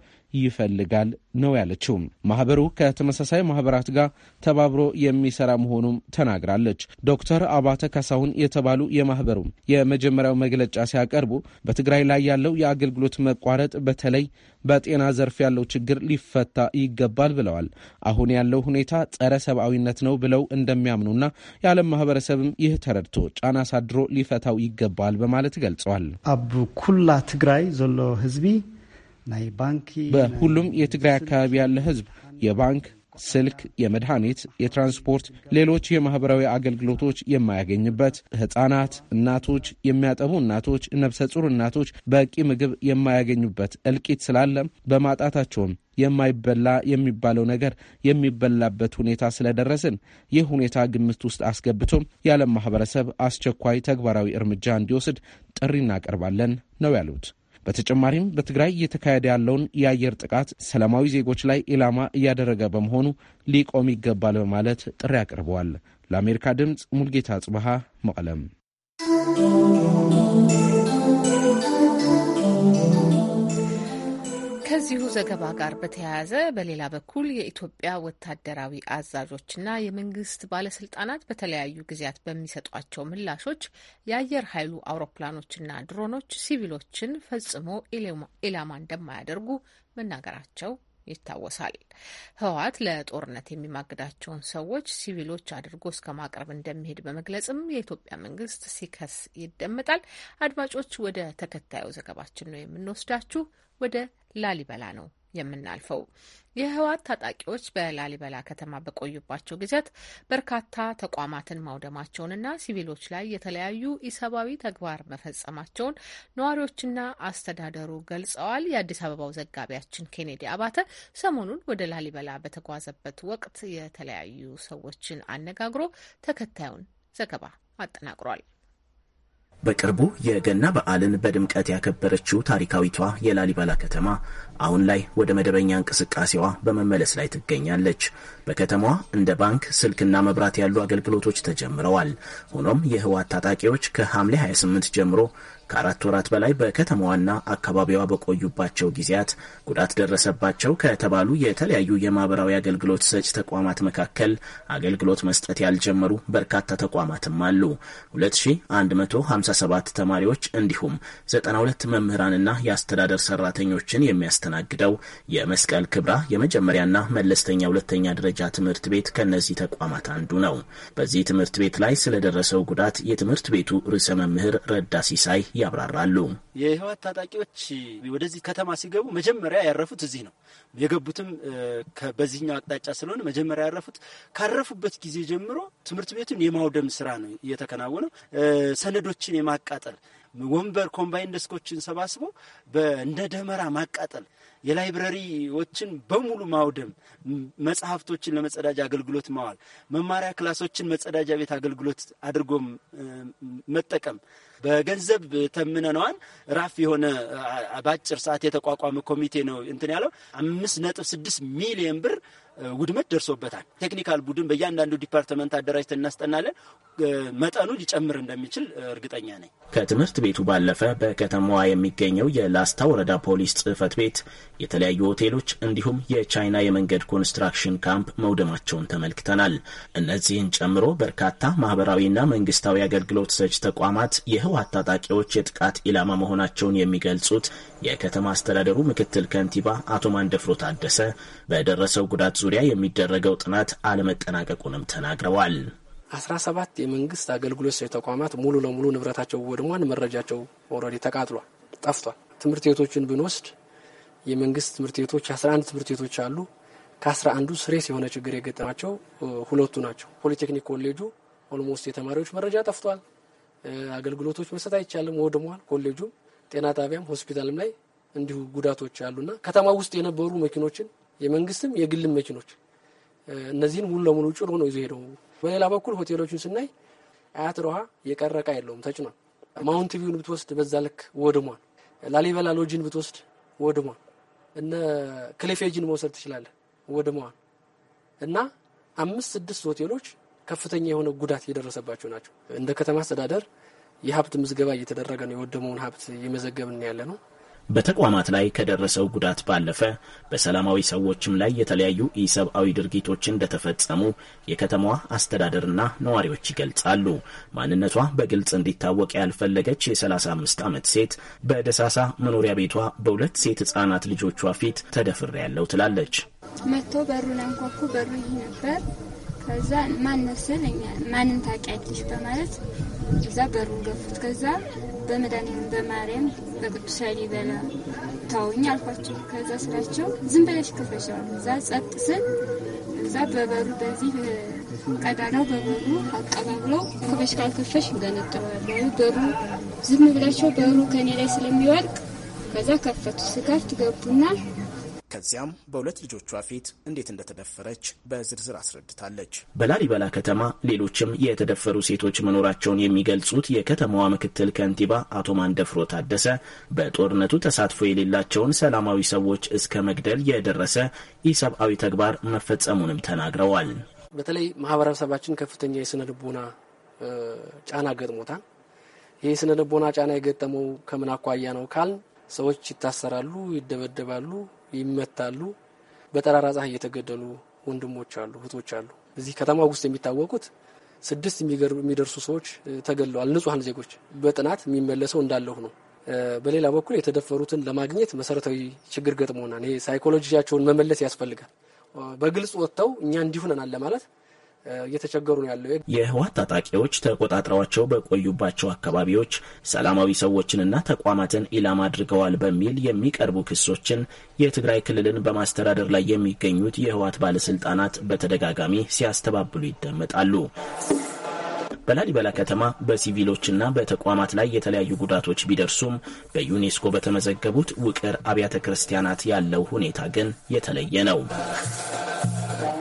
ይፈልጋል ነው ያለችው። ማህበሩ ከተመሳሳይ ማህበራት ጋር ተባብሮ የሚሰራ መሆኑም ተናግራለች። ዶክተር አባተ ካሳሁን የተባሉ የማህበሩ የመጀመሪያው መግለጫ ሲያቀርቡ በትግራይ ላይ ያለው የአገልግሎት መቋረጥ በተለይ በጤና ዘርፍ ያለው ችግር ሊፈታ ይገባል ብለዋል። አሁን ያለው ሁኔታ ጸረ ሰብአዊነት ነው ብለው እንደሚያምኑና የዓለም ማህበረሰብም ይህ ተረድቶ ጫና አሳድሮ ሊፈታው ይገባል በማለት ገልጸዋል። ኣብ ኩላ ትግራይ ዘሎ ህዝቢ በሁሉም የትግራይ አካባቢ ያለ ህዝብ የባንክ ስልክ፣ የመድኃኒት፣ የትራንስፖርት፣ ሌሎች የማኅበራዊ አገልግሎቶች የማያገኝበት፣ ሕፃናት፣ እናቶች፣ የሚያጠቡ እናቶች፣ ነብሰ ጡር እናቶች በቂ ምግብ የማያገኙበት እልቂት ስላለም በማጣታቸውም የማይበላ የሚባለው ነገር የሚበላበት ሁኔታ ስለደረስን ይህ ሁኔታ ግምት ውስጥ አስገብቶም የዓለም ማኅበረሰብ አስቸኳይ ተግባራዊ እርምጃ እንዲወስድ ጥሪ እናቀርባለን ነው ያሉት። በተጨማሪም በትግራይ እየተካሄደ ያለውን የአየር ጥቃት ሰላማዊ ዜጎች ላይ ኢላማ እያደረገ በመሆኑ ሊቆም ይገባል በማለት ጥሪ አቅርበዋል። ለአሜሪካ ድምፅ ሙልጌታ ጽብሃ መቀለም ከዚሁ ዘገባ ጋር በተያያዘ በሌላ በኩል የኢትዮጵያ ወታደራዊ አዛዦችና የመንግስት ባለስልጣናት በተለያዩ ጊዜያት በሚሰጧቸው ምላሾች የአየር ኃይሉ አውሮፕላኖችና ድሮኖች ሲቪሎችን ፈጽሞ ኢላማ እንደማያደርጉ መናገራቸው ይታወሳል። ህወሓት ለጦርነት የሚማግዳቸውን ሰዎች ሲቪሎች አድርጎ እስከ ማቅረብ እንደሚሄድ በመግለጽም የኢትዮጵያ መንግስት ሲከስ ይደመጣል። አድማጮች፣ ወደ ተከታዩ ዘገባችን ነው የምንወስዳችሁ። ወደ ላሊበላ ነው የምናልፈው። የህወሓት ታጣቂዎች በላሊበላ ከተማ በቆዩባቸው ጊዜያት በርካታ ተቋማትን ማውደማቸውንና ሲቪሎች ላይ የተለያዩ ኢሰብአዊ ተግባር መፈጸማቸውን ነዋሪዎችና አስተዳደሩ ገልጸዋል። የአዲስ አበባው ዘጋቢያችን ኬኔዲ አባተ ሰሞኑን ወደ ላሊበላ በተጓዘበት ወቅት የተለያዩ ሰዎችን አነጋግሮ ተከታዩን ዘገባ አጠናቅሯል። በቅርቡ የገና በዓልን በድምቀት ያከበረችው ታሪካዊቷ የላሊበላ ከተማ አሁን ላይ ወደ መደበኛ እንቅስቃሴዋ በመመለስ ላይ ትገኛለች። በከተማዋ እንደ ባንክ፣ ስልክና መብራት ያሉ አገልግሎቶች ተጀምረዋል። ሆኖም የህወሓት ታጣቂዎች ከሐምሌ 28 ጀምሮ ከአራት ወራት በላይ በከተማዋና አካባቢዋ በቆዩባቸው ጊዜያት ጉዳት ደረሰባቸው ከተባሉ የተለያዩ የማህበራዊ አገልግሎት ሰጪ ተቋማት መካከል አገልግሎት መስጠት ያልጀመሩ በርካታ ተቋማትም አሉ። 2157 ተማሪዎች እንዲሁም 92 መምህራንና የአስተዳደር ሰራተኞችን የሚያስተናግደው የመስቀል ክብራ የመጀመሪያና መለስተኛ ሁለተኛ ደረጃ ትምህርት ቤት ከእነዚህ ተቋማት አንዱ ነው። በዚህ ትምህርት ቤት ላይ ስለደረሰው ጉዳት የትምህርት ቤቱ ርዕሰ መምህር ረዳ ሲሳይ ያብራራሉ። የህወሓት ታጣቂዎች ወደዚህ ከተማ ሲገቡ መጀመሪያ ያረፉት እዚህ ነው። የገቡትም በዚህኛው አቅጣጫ ስለሆነ መጀመሪያ ያረፉት ካረፉበት ጊዜ ጀምሮ ትምህርት ቤቱን የማውደም ስራ ነው እየተከናወነው፣ ሰነዶችን የማቃጠል ወንበር ኮምባይን ደስኮችን ሰባስቦ እንደ ደመራ ማቃጠል የላይብረሪዎችን በሙሉ ማውደም፣ መጽሐፍቶችን ለመጸዳጃ አገልግሎት ማዋል፣ መማሪያ ክላሶችን መጸዳጃ ቤት አገልግሎት አድርጎ መጠቀም በገንዘብ ተምነነዋን ራፍ የሆነ በአጭር ሰዓት የተቋቋመ ኮሚቴ ነው እንትን ያለው አምስት ነጥብ ስድስት ሚሊየን ብር ውድመት ደርሶበታል። ቴክኒካል ቡድን በእያንዳንዱ ዲፓርትመንት አደራጅተን እናስጠናለን። መጠኑ ሊጨምር እንደሚችል እርግጠኛ ነኝ። ከትምህርት ቤቱ ባለፈ በከተማዋ የሚገኘው የላስታ ወረዳ ፖሊስ ጽህፈት ቤት፣ የተለያዩ ሆቴሎች እንዲሁም የቻይና የመንገድ ኮንስትራክሽን ካምፕ መውደማቸውን ተመልክተናል። እነዚህን ጨምሮ በርካታ ማህበራዊና መንግስታዊ አገልግሎት ሰጭ ተቋማት የህወሓት ታጣቂዎች የጥቃት ኢላማ መሆናቸውን የሚገልጹት የከተማ አስተዳደሩ ምክትል ከንቲባ አቶ ማንደፍሮ ታደሰ በደረሰው ጉዳት ዙሪያ የሚደረገው ጥናት አለመጠናቀቁንም ተናግረዋል። ሰባት የመንግስት አገልግሎት ሰጪ ተቋማት ሙሉ ለሙሉ ንብረታቸው ወድሟን መረጃቸው ኦልሬዲ ተቃጥሏል፣ ጠፍቷል። ትምህርት ቤቶችን ብንወስድ የመንግስት ትምህርት ቤቶች 11 ትምህርት ቤቶች አሉ። ከአስራ አንዱ ስሬስ የሆነ ችግር የገጠማቸው ሁለቱ ናቸው። ፖሊቴክኒክ ኮሌጁ ኦልሞስት የተማሪዎች መረጃ ጠፍቷል። አገልግሎቶች መስጠት አይቻልም፣ ወድሟል። ኮሌጁም ጤና ጣቢያም ሆስፒታልም ላይ እንዲሁ ጉዳቶች አሉና ከተማ ውስጥ የነበሩ መኪኖችን የመንግስትም የግልም መኪኖች እነዚህን ሙሉ ለሙሉ ጭሎ ነው ይዞ ሄደው በሌላ በኩል ሆቴሎቹን ስናይ አያት ሮሃ የቀረቃ የለውም ተጭኗል። ማውንት ቪውን ብትወስድ በዛ ልክ ወድሟል። ላሊበላ ሎጅን ብትወስድ ወድሟል። እነ ክሊፌጅን መውሰድ ትችላለህ ወድመዋል። እና አምስት ስድስት ሆቴሎች ከፍተኛ የሆነ ጉዳት የደረሰባቸው ናቸው። እንደ ከተማ አስተዳደር የሀብት ምዝገባ እየተደረገ ነው። የወደመውን ሀብት እየመዘገብን ያለ ነው። በተቋማት ላይ ከደረሰው ጉዳት ባለፈ በሰላማዊ ሰዎችም ላይ የተለያዩ ኢሰብአዊ ድርጊቶች እንደተፈጸሙ የከተማዋ አስተዳደርና ነዋሪዎች ይገልጻሉ። ማንነቷ በግልጽ እንዲታወቅ ያልፈለገች የ35 ዓመት ሴት በደሳሳ መኖሪያ ቤቷ በሁለት ሴት ህጻናት ልጆቿ ፊት ተደፍሬያለሁ ትላለች። መጥቶ በሩን አንኳኩ። በሩ ይህ ነበር ከዛ ማን ነስል ማንን ታውቂያለሽ በማለት እዛ በሩን ገፉት። ከዛ በመድኃኒዓለም በማርያም በቅዱስ ላሊበላ ታውኝ አልኳቸው። ከዛ ስላቸው ዝም ብለሽ ክፈሻዋል። እዛ ጸጥ ስል እዛ በበሩ በዚህ ቀዳዳው በበሩ አቀባብለው ክፈሽ ካልከፈሽ ገነጥለዋል። በሩ ዝም ብላቸው በሩ ከኔ ላይ ስለሚወድቅ ከዛ ከፈቱ። ስከፍት ገቡና ከዚያም በሁለት ልጆቿ ፊት እንዴት እንደተደፈረች በዝርዝር አስረድታለች። በላሊበላ ከተማ ሌሎችም የተደፈሩ ሴቶች መኖራቸውን የሚገልጹት የከተማዋ ምክትል ከንቲባ አቶ ማንደፍሮ ታደሰ በጦርነቱ ተሳትፎ የሌላቸውን ሰላማዊ ሰዎች እስከ መግደል የደረሰ ኢሰብአዊ ተግባር መፈጸሙንም ተናግረዋል። በተለይ ማህበረሰባችን ከፍተኛ የስነ ልቦና ጫና ገጥሞታል። ይህ የስነ ልቦና ጫና የገጠመው ከምን አኳያ ነው ካልን ሰዎች ይታሰራሉ፣ ይደበደባሉ፣ ይመታሉ። በጠራራ ፀሐይ የተገደሉ ወንድሞች አሉ፣ እህቶች አሉ። እዚህ ከተማ ውስጥ የሚታወቁት ስድስት የሚደርሱ ሰዎች ተገለዋል። ንጹሐን ዜጎች በጥናት የሚመለሰው እንዳለው ነው። በሌላ በኩል የተደፈሩትን ለማግኘት መሰረታዊ ችግር ገጥሞናል። ይሄ ሳይኮሎጂያቸውን መመለስ ያስፈልጋል። በግልጽ ወጥተው እኛ እንዲሁነናል ለማለት እየተቸገሩ ነው ያለው። የህወሓት ታጣቂዎች ተቆጣጥረዋቸው በቆዩባቸው አካባቢዎች ሰላማዊ ሰዎችንና ተቋማትን ኢላማ አድርገዋል በሚል የሚቀርቡ ክሶችን የትግራይ ክልልን በማስተዳደር ላይ የሚገኙት የህወሓት ባለስልጣናት በተደጋጋሚ ሲያስተባብሉ ይደመጣሉ። በላሊበላ ከተማ በሲቪሎችና በተቋማት ላይ የተለያዩ ጉዳቶች ቢደርሱም በዩኔስኮ በተመዘገቡት ውቅር አብያተ ክርስቲያናት ያለው ሁኔታ ግን የተለየ ነው።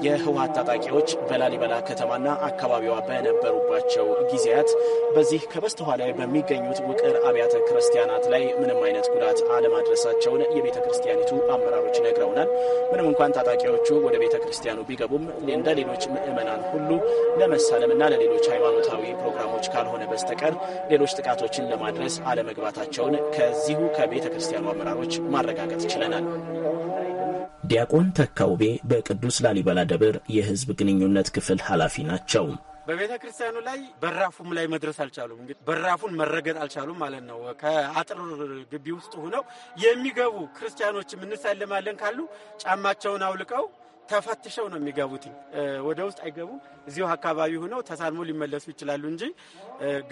የህወሀት ታጣቂዎች በላሊበላ ከተማና አካባቢዋ በነበሩባቸው ጊዜያት በዚህ ከበስተኋላ በሚገኙት ውቅር አብያተ ክርስቲያናት ላይ ምንም አይነት ጉዳት አለማድረሳቸውን የቤተ ክርስቲያኒቱ አመራሮች ነግረውናል። ምንም እንኳን ታጣቂዎቹ ወደ ቤተ ክርስቲያኑ ቢገቡም እንደ ሌሎች ምዕመናን ሁሉ ለመሳለምና ለሌሎች ሃይማኖታዊ ፕሮግራሞች ካልሆነ በስተቀር ሌሎች ጥቃቶችን ለማድረስ አለመግባታቸውን ከዚሁ ከቤተ ክርስቲያኑ አመራሮች ማረጋገጥ ችለናል። ዲያቆን ተካውቤ በቅዱስ ላሊበላ ደብር የህዝብ ግንኙነት ክፍል ኃላፊ ናቸው። በቤተ ክርስቲያኑ ላይ በራፉም ላይ መድረስ አልቻሉም። እንግዲህ በራፉን መረገጥ አልቻሉም ማለት ነው። ከአጥር ግቢ ውስጥ ሆነው የሚገቡ ክርስቲያኖችም እንሳለማለን ካሉ ጫማቸውን አውልቀው ተፈትሸው ነው የሚገቡት። ወደ ውስጥ አይገቡም። እዚሁ አካባቢ ሆነው ተሳልሞ ሊመለሱ ይችላሉ እንጂ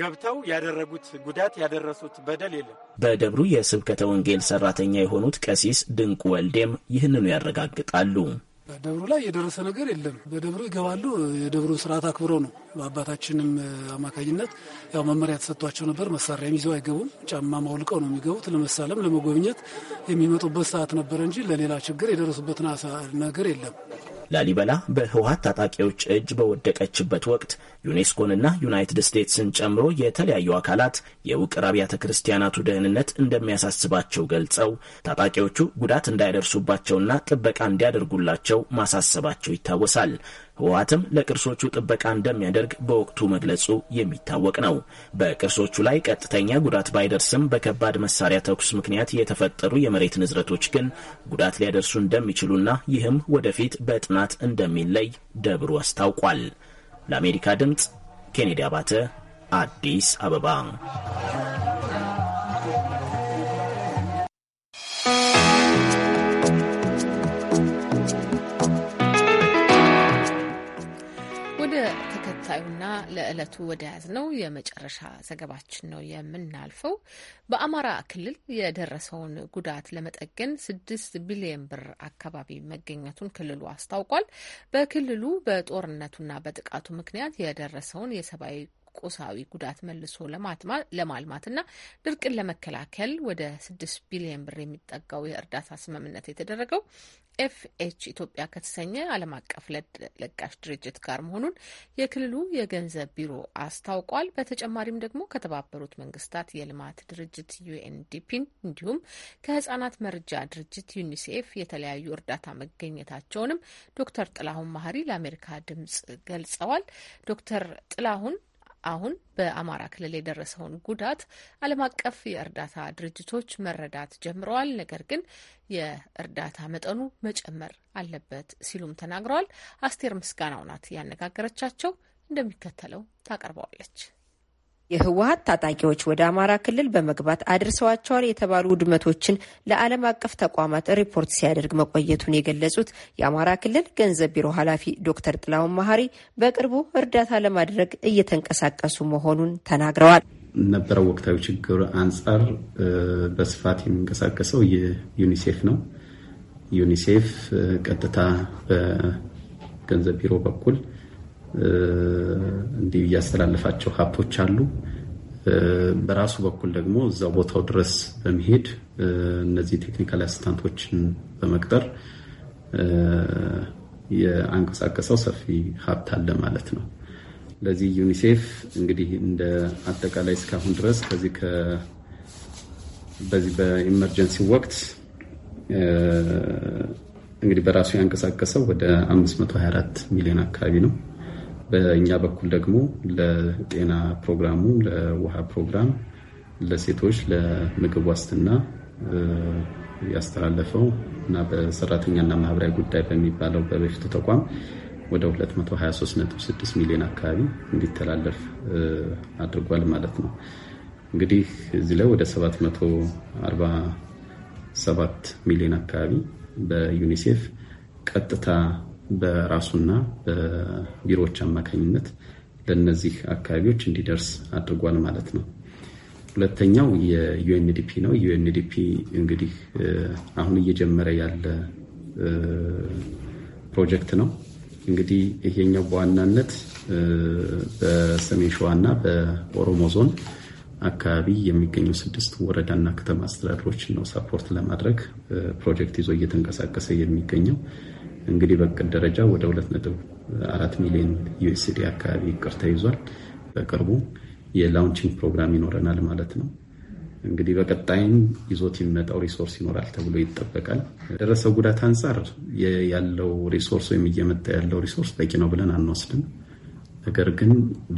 ገብተው ያደረጉት ጉዳት ያደረሱት በደል የለም። በደብሩ የስብከተ ወንጌል ሰራተኛ የሆኑት ቀሲስ ድንቁ ወልዴም ይህንኑ ያረጋግጣሉ። በደብሩ ላይ የደረሰ ነገር የለም። በደብሩ ይገባሉ። የደብሩን ስርዓት አክብረው ነው። በአባታችንም አማካኝነት ያው መመሪያ ተሰጥቷቸው ነበር። መሳሪያም ይዘው አይገቡም። ጫማ ማውልቀው ነው የሚገቡት። ለመሳለም ለመጎብኘት የሚመጡበት ሰዓት ነበረ እንጂ ለሌላ ችግር የደረሱበት ነገር የለም። ላሊበላ በህወሀት ታጣቂዎች እጅ በወደቀችበት ወቅት ዩኔስኮንና ዩናይትድ ስቴትስን ጨምሮ የተለያዩ አካላት የውቅር አብያተ ክርስቲያናቱ ደህንነት እንደሚያሳስባቸው ገልጸው ታጣቂዎቹ ጉዳት እንዳይደርሱባቸውና ጥበቃ እንዲያደርጉላቸው ማሳሰባቸው ይታወሳል። ህወሓትም ለቅርሶቹ ጥበቃ እንደሚያደርግ በወቅቱ መግለጹ የሚታወቅ ነው። በቅርሶቹ ላይ ቀጥተኛ ጉዳት ባይደርስም በከባድ መሳሪያ ተኩስ ምክንያት የተፈጠሩ የመሬት ንዝረቶች ግን ጉዳት ሊያደርሱ እንደሚችሉና ይህም ወደፊት በጥናት እንደሚለይ ደብሩ አስታውቋል። ለአሜሪካ ድምፅ ኬኔዲ አባተ አዲስ አበባ ተከታዩና ለዕለቱ ወደ ያዝ ነው የመጨረሻ ዘገባችን ነው የምናልፈው። በአማራ ክልል የደረሰውን ጉዳት ለመጠገን ስድስት ቢሊየን ብር አካባቢ መገኘቱን ክልሉ አስታውቋል። በክልሉ በጦርነቱና በጥቃቱ ምክንያት የደረሰውን የሰብአዊ ቁሳዊ ጉዳት መልሶ ለማልማትና ድርቅን ለመከላከል ወደ ስድስት ቢሊየን ብር የሚጠጋው የእርዳታ ስምምነት የተደረገው ኤፍኤች ኢትዮጵያ ከተሰኘ ዓለም አቀፍ ለጋሽ ድርጅት ጋር መሆኑን የክልሉ የገንዘብ ቢሮ አስታውቋል። በተጨማሪም ደግሞ ከተባበሩት መንግስታት የልማት ድርጅት ዩኤንዲፒን እንዲሁም ከህጻናት መርጃ ድርጅት ዩኒሴፍ የተለያዩ እርዳታ መገኘታቸውንም ዶክተር ጥላሁን ማህሪ ለአሜሪካ ድምጽ ገልጸዋል። ዶክተር ጥላሁን አሁን በአማራ ክልል የደረሰውን ጉዳት ዓለም አቀፍ የእርዳታ ድርጅቶች መረዳት ጀምረዋል። ነገር ግን የእርዳታ መጠኑ መጨመር አለበት ሲሉም ተናግረዋል። አስቴር ምስጋናው ናት ያነጋገረቻቸው፣ እንደሚከተለው ታቀርበዋለች። የህወሀት ታጣቂዎች ወደ አማራ ክልል በመግባት አድርሰዋቸዋል የተባሉ ውድመቶችን ለዓለም አቀፍ ተቋማት ሪፖርት ሲያደርግ መቆየቱን የገለጹት የአማራ ክልል ገንዘብ ቢሮ ኃላፊ ዶክተር ጥላሁን መሀሪ በቅርቡ እርዳታ ለማድረግ እየተንቀሳቀሱ መሆኑን ተናግረዋል። ነበረው ወቅታዊ ችግር አንጻር በስፋት የሚንቀሳቀሰው የዩኒሴፍ ነው። ዩኒሴፍ ቀጥታ በገንዘብ ቢሮ በኩል እንዲህ እያስተላለፋቸው ሀብቶች አሉ። በራሱ በኩል ደግሞ እዛው ቦታው ድረስ በመሄድ እነዚህ ቴክኒካል አሲስታንቶችን በመቅጠር የአንቀሳቀሰው ሰፊ ሀብት አለ ማለት ነው። ለዚህ ዩኒሴፍ እንግዲህ እንደ አጠቃላይ እስካሁን ድረስ ከዚህ በዚህ በኢመርጀንሲ ወቅት እንግዲህ በራሱ ያንቀሳቀሰው ወደ 524 ሚሊዮን አካባቢ ነው። በእኛ በኩል ደግሞ ለጤና ፕሮግራሙ፣ ለውሃ ፕሮግራም፣ ለሴቶች ለምግብ ዋስትና ያስተላለፈው እና በሰራተኛና ማህበራዊ ጉዳይ በሚባለው በበፊቱ ተቋም ወደ 223.6 ሚሊዮን አካባቢ እንዲተላለፍ አድርጓል ማለት ነው። እንግዲህ እዚህ ላይ ወደ 747 ሚሊዮን አካባቢ በዩኒሴፍ ቀጥታ በራሱና በቢሮዎች አማካኝነት ለእነዚህ አካባቢዎች እንዲደርስ አድርጓል ማለት ነው። ሁለተኛው የዩኤንዲፒ ነው። ዩኤንዲፒ እንግዲህ አሁን እየጀመረ ያለ ፕሮጀክት ነው። እንግዲህ ይሄኛው በዋናነት በሰሜን ና በኦሮሞ ዞን አካባቢ የሚገኙ ስድስት ወረዳና ከተማ አስተዳደሮችን ነው ሰፖርት ለማድረግ ፕሮጀክት ይዞ እየተንቀሳቀሰ የሚገኘው። እንግዲህ በቅድ ደረጃ ወደ 2.4 ሚሊዮን ዩኤስዲ አካባቢ እቅድ ተይዟል። በቅርቡ የላውንቺንግ ፕሮግራም ይኖረናል ማለት ነው። እንግዲህ በቀጣይም ይዞት የሚመጣው ሪሶርስ ይኖራል ተብሎ ይጠበቃል። ደረሰው ጉዳት አንጻር ያለው ሪሶርስ ወይም እየመጣ ያለው ሪሶርስ በቂ ነው ብለን አንወስድም። ነገር ግን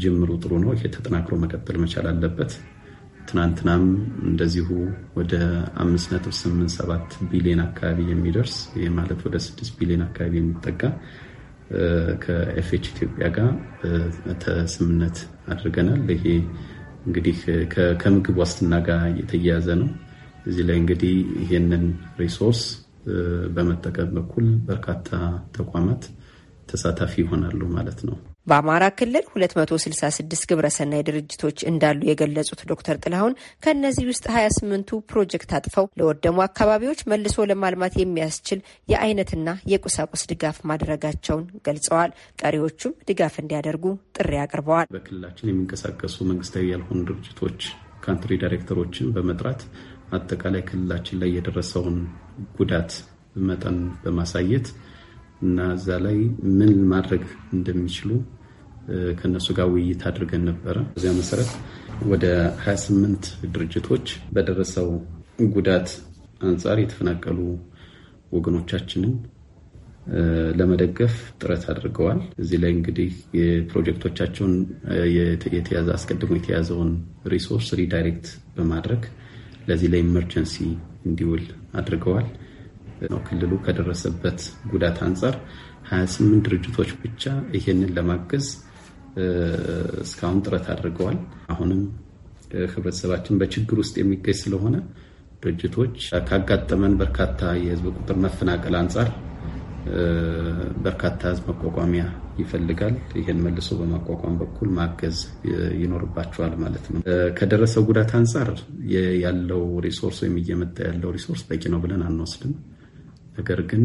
ጅምሩ ጥሩ ነው። ይሄ ተጠናክሮ መቀጠል መቻል አለበት። ትናንትናም እንደዚሁ ወደ 5.87 ቢሊዮን አካባቢ የሚደርስ ይህ ማለት ወደ 6 ቢሊዮን አካባቢ የሚጠጋ ከኤፍኤች ኢትዮጵያ ጋር ስምምነት አድርገናል። ይሄ እንግዲህ ከምግብ ዋስትና ጋር የተያያዘ ነው። እዚህ ላይ እንግዲህ ይህንን ሪሶርስ በመጠቀም በኩል በርካታ ተቋማት ተሳታፊ ይሆናሉ ማለት ነው። በአማራ ክልል 266 ግብረሰናይ ድርጅቶች እንዳሉ የገለጹት ዶክተር ጥላሁን ከእነዚህ ውስጥ 28ቱ ፕሮጀክት አጥፈው ለወደሙ አካባቢዎች መልሶ ለማልማት የሚያስችል የአይነትና የቁሳቁስ ድጋፍ ማድረጋቸውን ገልጸዋል። ቀሪዎቹም ድጋፍ እንዲያደርጉ ጥሪ አቅርበዋል። በክልላችን የሚንቀሳቀሱ መንግስታዊ ያልሆኑ ድርጅቶች ካንትሪ ዳይሬክተሮችን በመጥራት አጠቃላይ ክልላችን ላይ የደረሰውን ጉዳት መጠን በማሳየት እና እዛ ላይ ምን ማድረግ እንደሚችሉ ከነሱ ጋር ውይይት አድርገን ነበረ። በዚያ መሰረት ወደ 28 ድርጅቶች በደረሰው ጉዳት አንጻር የተፈናቀሉ ወገኖቻችንን ለመደገፍ ጥረት አድርገዋል። እዚህ ላይ እንግዲህ የፕሮጀክቶቻቸውን የተያዘ አስቀድሞ የተያዘውን ሪሶርስ ሪዳይሬክት በማድረግ ለዚህ ላይ ኢመርጀንሲ እንዲውል አድርገዋል። ነው ክልሉ ከደረሰበት ጉዳት አንጻር 28 ድርጅቶች ብቻ ይህንን ለማገዝ እስካሁን ጥረት አድርገዋል። አሁንም ህብረተሰባችን በችግር ውስጥ የሚገኝ ስለሆነ ድርጅቶች ካጋጠመን በርካታ የህዝብ ቁጥር መፈናቀል አንጻር በርካታ ህዝብ መቋቋሚያ ይፈልጋል። ይህን መልሶ በማቋቋም በኩል ማገዝ ይኖርባቸዋል ማለት ነው። ከደረሰው ጉዳት አንጻር ያለው ሪሶርስ ወይም እየመጣ ያለው ሪሶርስ በቂ ነው ብለን አንወስድም። ነገር ግን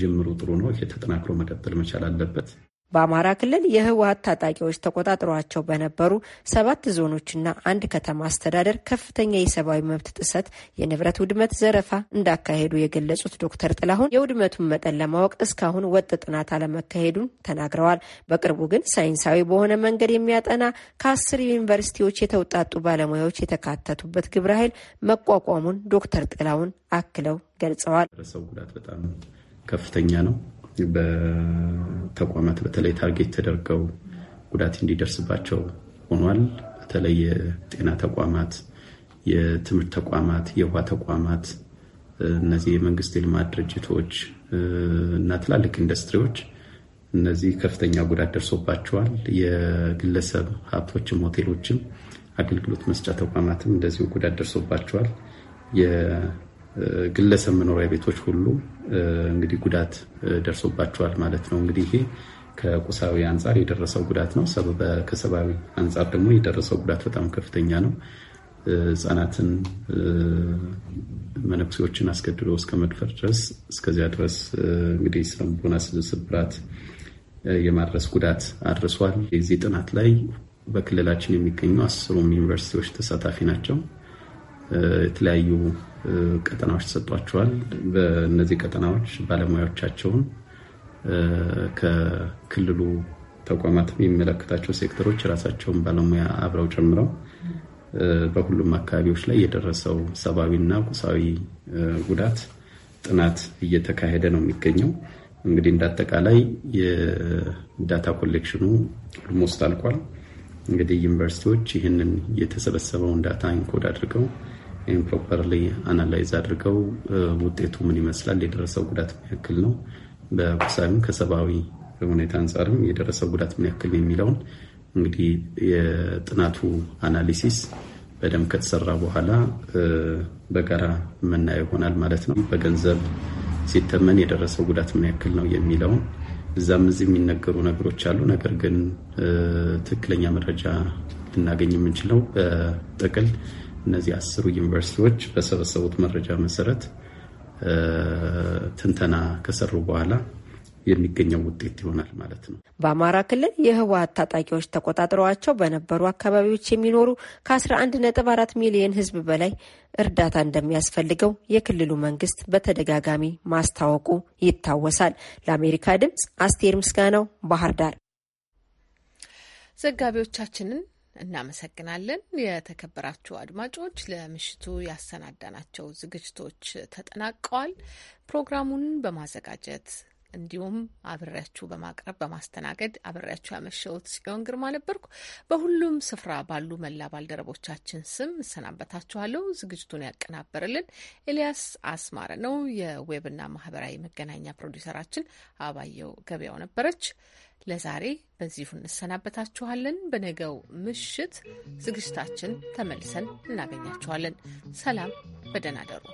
ጅምሩ ጥሩ ነው። ይሄ ተጠናክሮ መቀጠል መቻል አለበት። በአማራ ክልል የህወሀት ታጣቂዎች ተቆጣጥሯቸው በነበሩ ሰባት ዞኖችና አንድ ከተማ አስተዳደር ከፍተኛ የሰብአዊ መብት ጥሰት፣ የንብረት ውድመት፣ ዘረፋ እንዳካሄዱ የገለጹት ዶክተር ጥላሁን የውድመቱን መጠን ለማወቅ እስካሁን ወጥ ጥናት አለመካሄዱን ተናግረዋል። በቅርቡ ግን ሳይንሳዊ በሆነ መንገድ የሚያጠና ከአስር ዩኒቨርሲቲዎች የተውጣጡ ባለሙያዎች የተካተቱበት ግብረ ኃይል መቋቋሙን ዶክተር ጥላሁን አክለው ገልጸዋል። ጉዳት በጣም ከፍተኛ ነው። በተቋማት በተለይ ታርጌት ተደርገው ጉዳት እንዲደርስባቸው ሆኗል። በተለይ የጤና ተቋማት፣ የትምህርት ተቋማት፣ የውሃ ተቋማት፣ እነዚህ የመንግስት የልማት ድርጅቶች እና ትላልቅ ኢንዱስትሪዎች እነዚህ ከፍተኛ ጉዳት ደርሶባቸዋል። የግለሰብ ሀብቶችም፣ ሆቴሎችም፣ አገልግሎት መስጫ ተቋማትም እንደዚሁ ጉዳት ደርሶባቸዋል። ግለሰብ መኖሪያ ቤቶች ሁሉ እንግዲህ ጉዳት ደርሶባቸዋል ማለት ነው። እንግዲህ ይሄ ከቁሳዊ አንጻር የደረሰው ጉዳት ነው። ከሰብአዊ አንጻር ደግሞ የደረሰው ጉዳት በጣም ከፍተኛ ነው። ህፃናትን መነኩሴዎችን አስገድዶ እስከ መድፈር ድረስ እስከዚያ ድረስ እንግዲህ ስነልቦና ስብራት የማድረስ ጉዳት አድርሷል። የዚህ ጥናት ላይ በክልላችን የሚገኙ አስሩም ዩኒቨርሲቲዎች ተሳታፊ ናቸው። የተለያዩ ቀጠናዎች ተሰጧቸዋል። በእነዚህ ቀጠናዎች ባለሙያዎቻቸውን ከክልሉ ተቋማት የሚመለከታቸው ሴክተሮች ራሳቸውን ባለሙያ አብረው ጨምረው በሁሉም አካባቢዎች ላይ የደረሰው ሰብአዊና ቁሳዊ ጉዳት ጥናት እየተካሄደ ነው የሚገኘው። እንግዲህ እንዳጠቃላይ የዳታ ኮሌክሽኑ ልሞስ አልቋል። እንግዲህ ዩኒቨርሲቲዎች ይህንን የተሰበሰበውን ዳታ ኢንኮድ አድርገው ኢምፕሮፐርሊ አናላይዝ አድርገው ውጤቱ ምን ይመስላል፣ የደረሰው ጉዳት ምን ያክል ነው፣ በቁሳዊም ከሰብአዊ ሁኔታ አንጻርም የደረሰው ጉዳት ምን ያክል የሚለውን እንግዲህ የጥናቱ አናሊሲስ በደንብ ከተሰራ በኋላ በጋራ የምናየው ይሆናል ማለት ነው። በገንዘብ ሲተመን የደረሰው ጉዳት ምን ያክል ነው የሚለውን እዛም እዚህ የሚነገሩ ነገሮች አሉ። ነገር ግን ትክክለኛ መረጃ ልናገኝ የምንችለው በጥቅል እነዚህ አስሩ ዩኒቨርሲቲዎች በሰበሰቡት መረጃ መሰረት ትንተና ከሰሩ በኋላ የሚገኘው ውጤት ይሆናል ማለት ነው። በአማራ ክልል የህወሀት ታጣቂዎች ተቆጣጥረዋቸው በነበሩ አካባቢዎች የሚኖሩ ከ11 4 ሚሊየን ህዝብ በላይ እርዳታ እንደሚያስፈልገው የክልሉ መንግስት በተደጋጋሚ ማስታወቁ ይታወሳል። ለአሜሪካ ድምጽ አስቴር ምስጋናው ባህር ዳር። ዘጋቢዎቻችንን እናመሰግናለን። የተከበራችሁ አድማጮች ለምሽቱ ያሰናዳናቸው ዝግጅቶች ተጠናቀዋል። ፕሮግራሙን በማዘጋጀት እንዲሁም አብሬያችሁ በማቅረብ በማስተናገድ አብሬያችሁ ያመሸሁት ጽዮን ግርማ ነበርኩ። በሁሉም ስፍራ ባሉ መላ ባልደረቦቻችን ስም እሰናበታችኋለሁ። ዝግጅቱን ያቀናበርልን ኤልያስ አስማረ ነው። የዌብና ማህበራዊ መገናኛ ፕሮዲውሰራችን አባየው ገበያው ነበረች። ለዛሬ በዚሁ እንሰናበታችኋለን። በነገው ምሽት ዝግጅታችን ተመልሰን እናገኛችኋለን። ሰላም፣ በደህና ደሩ።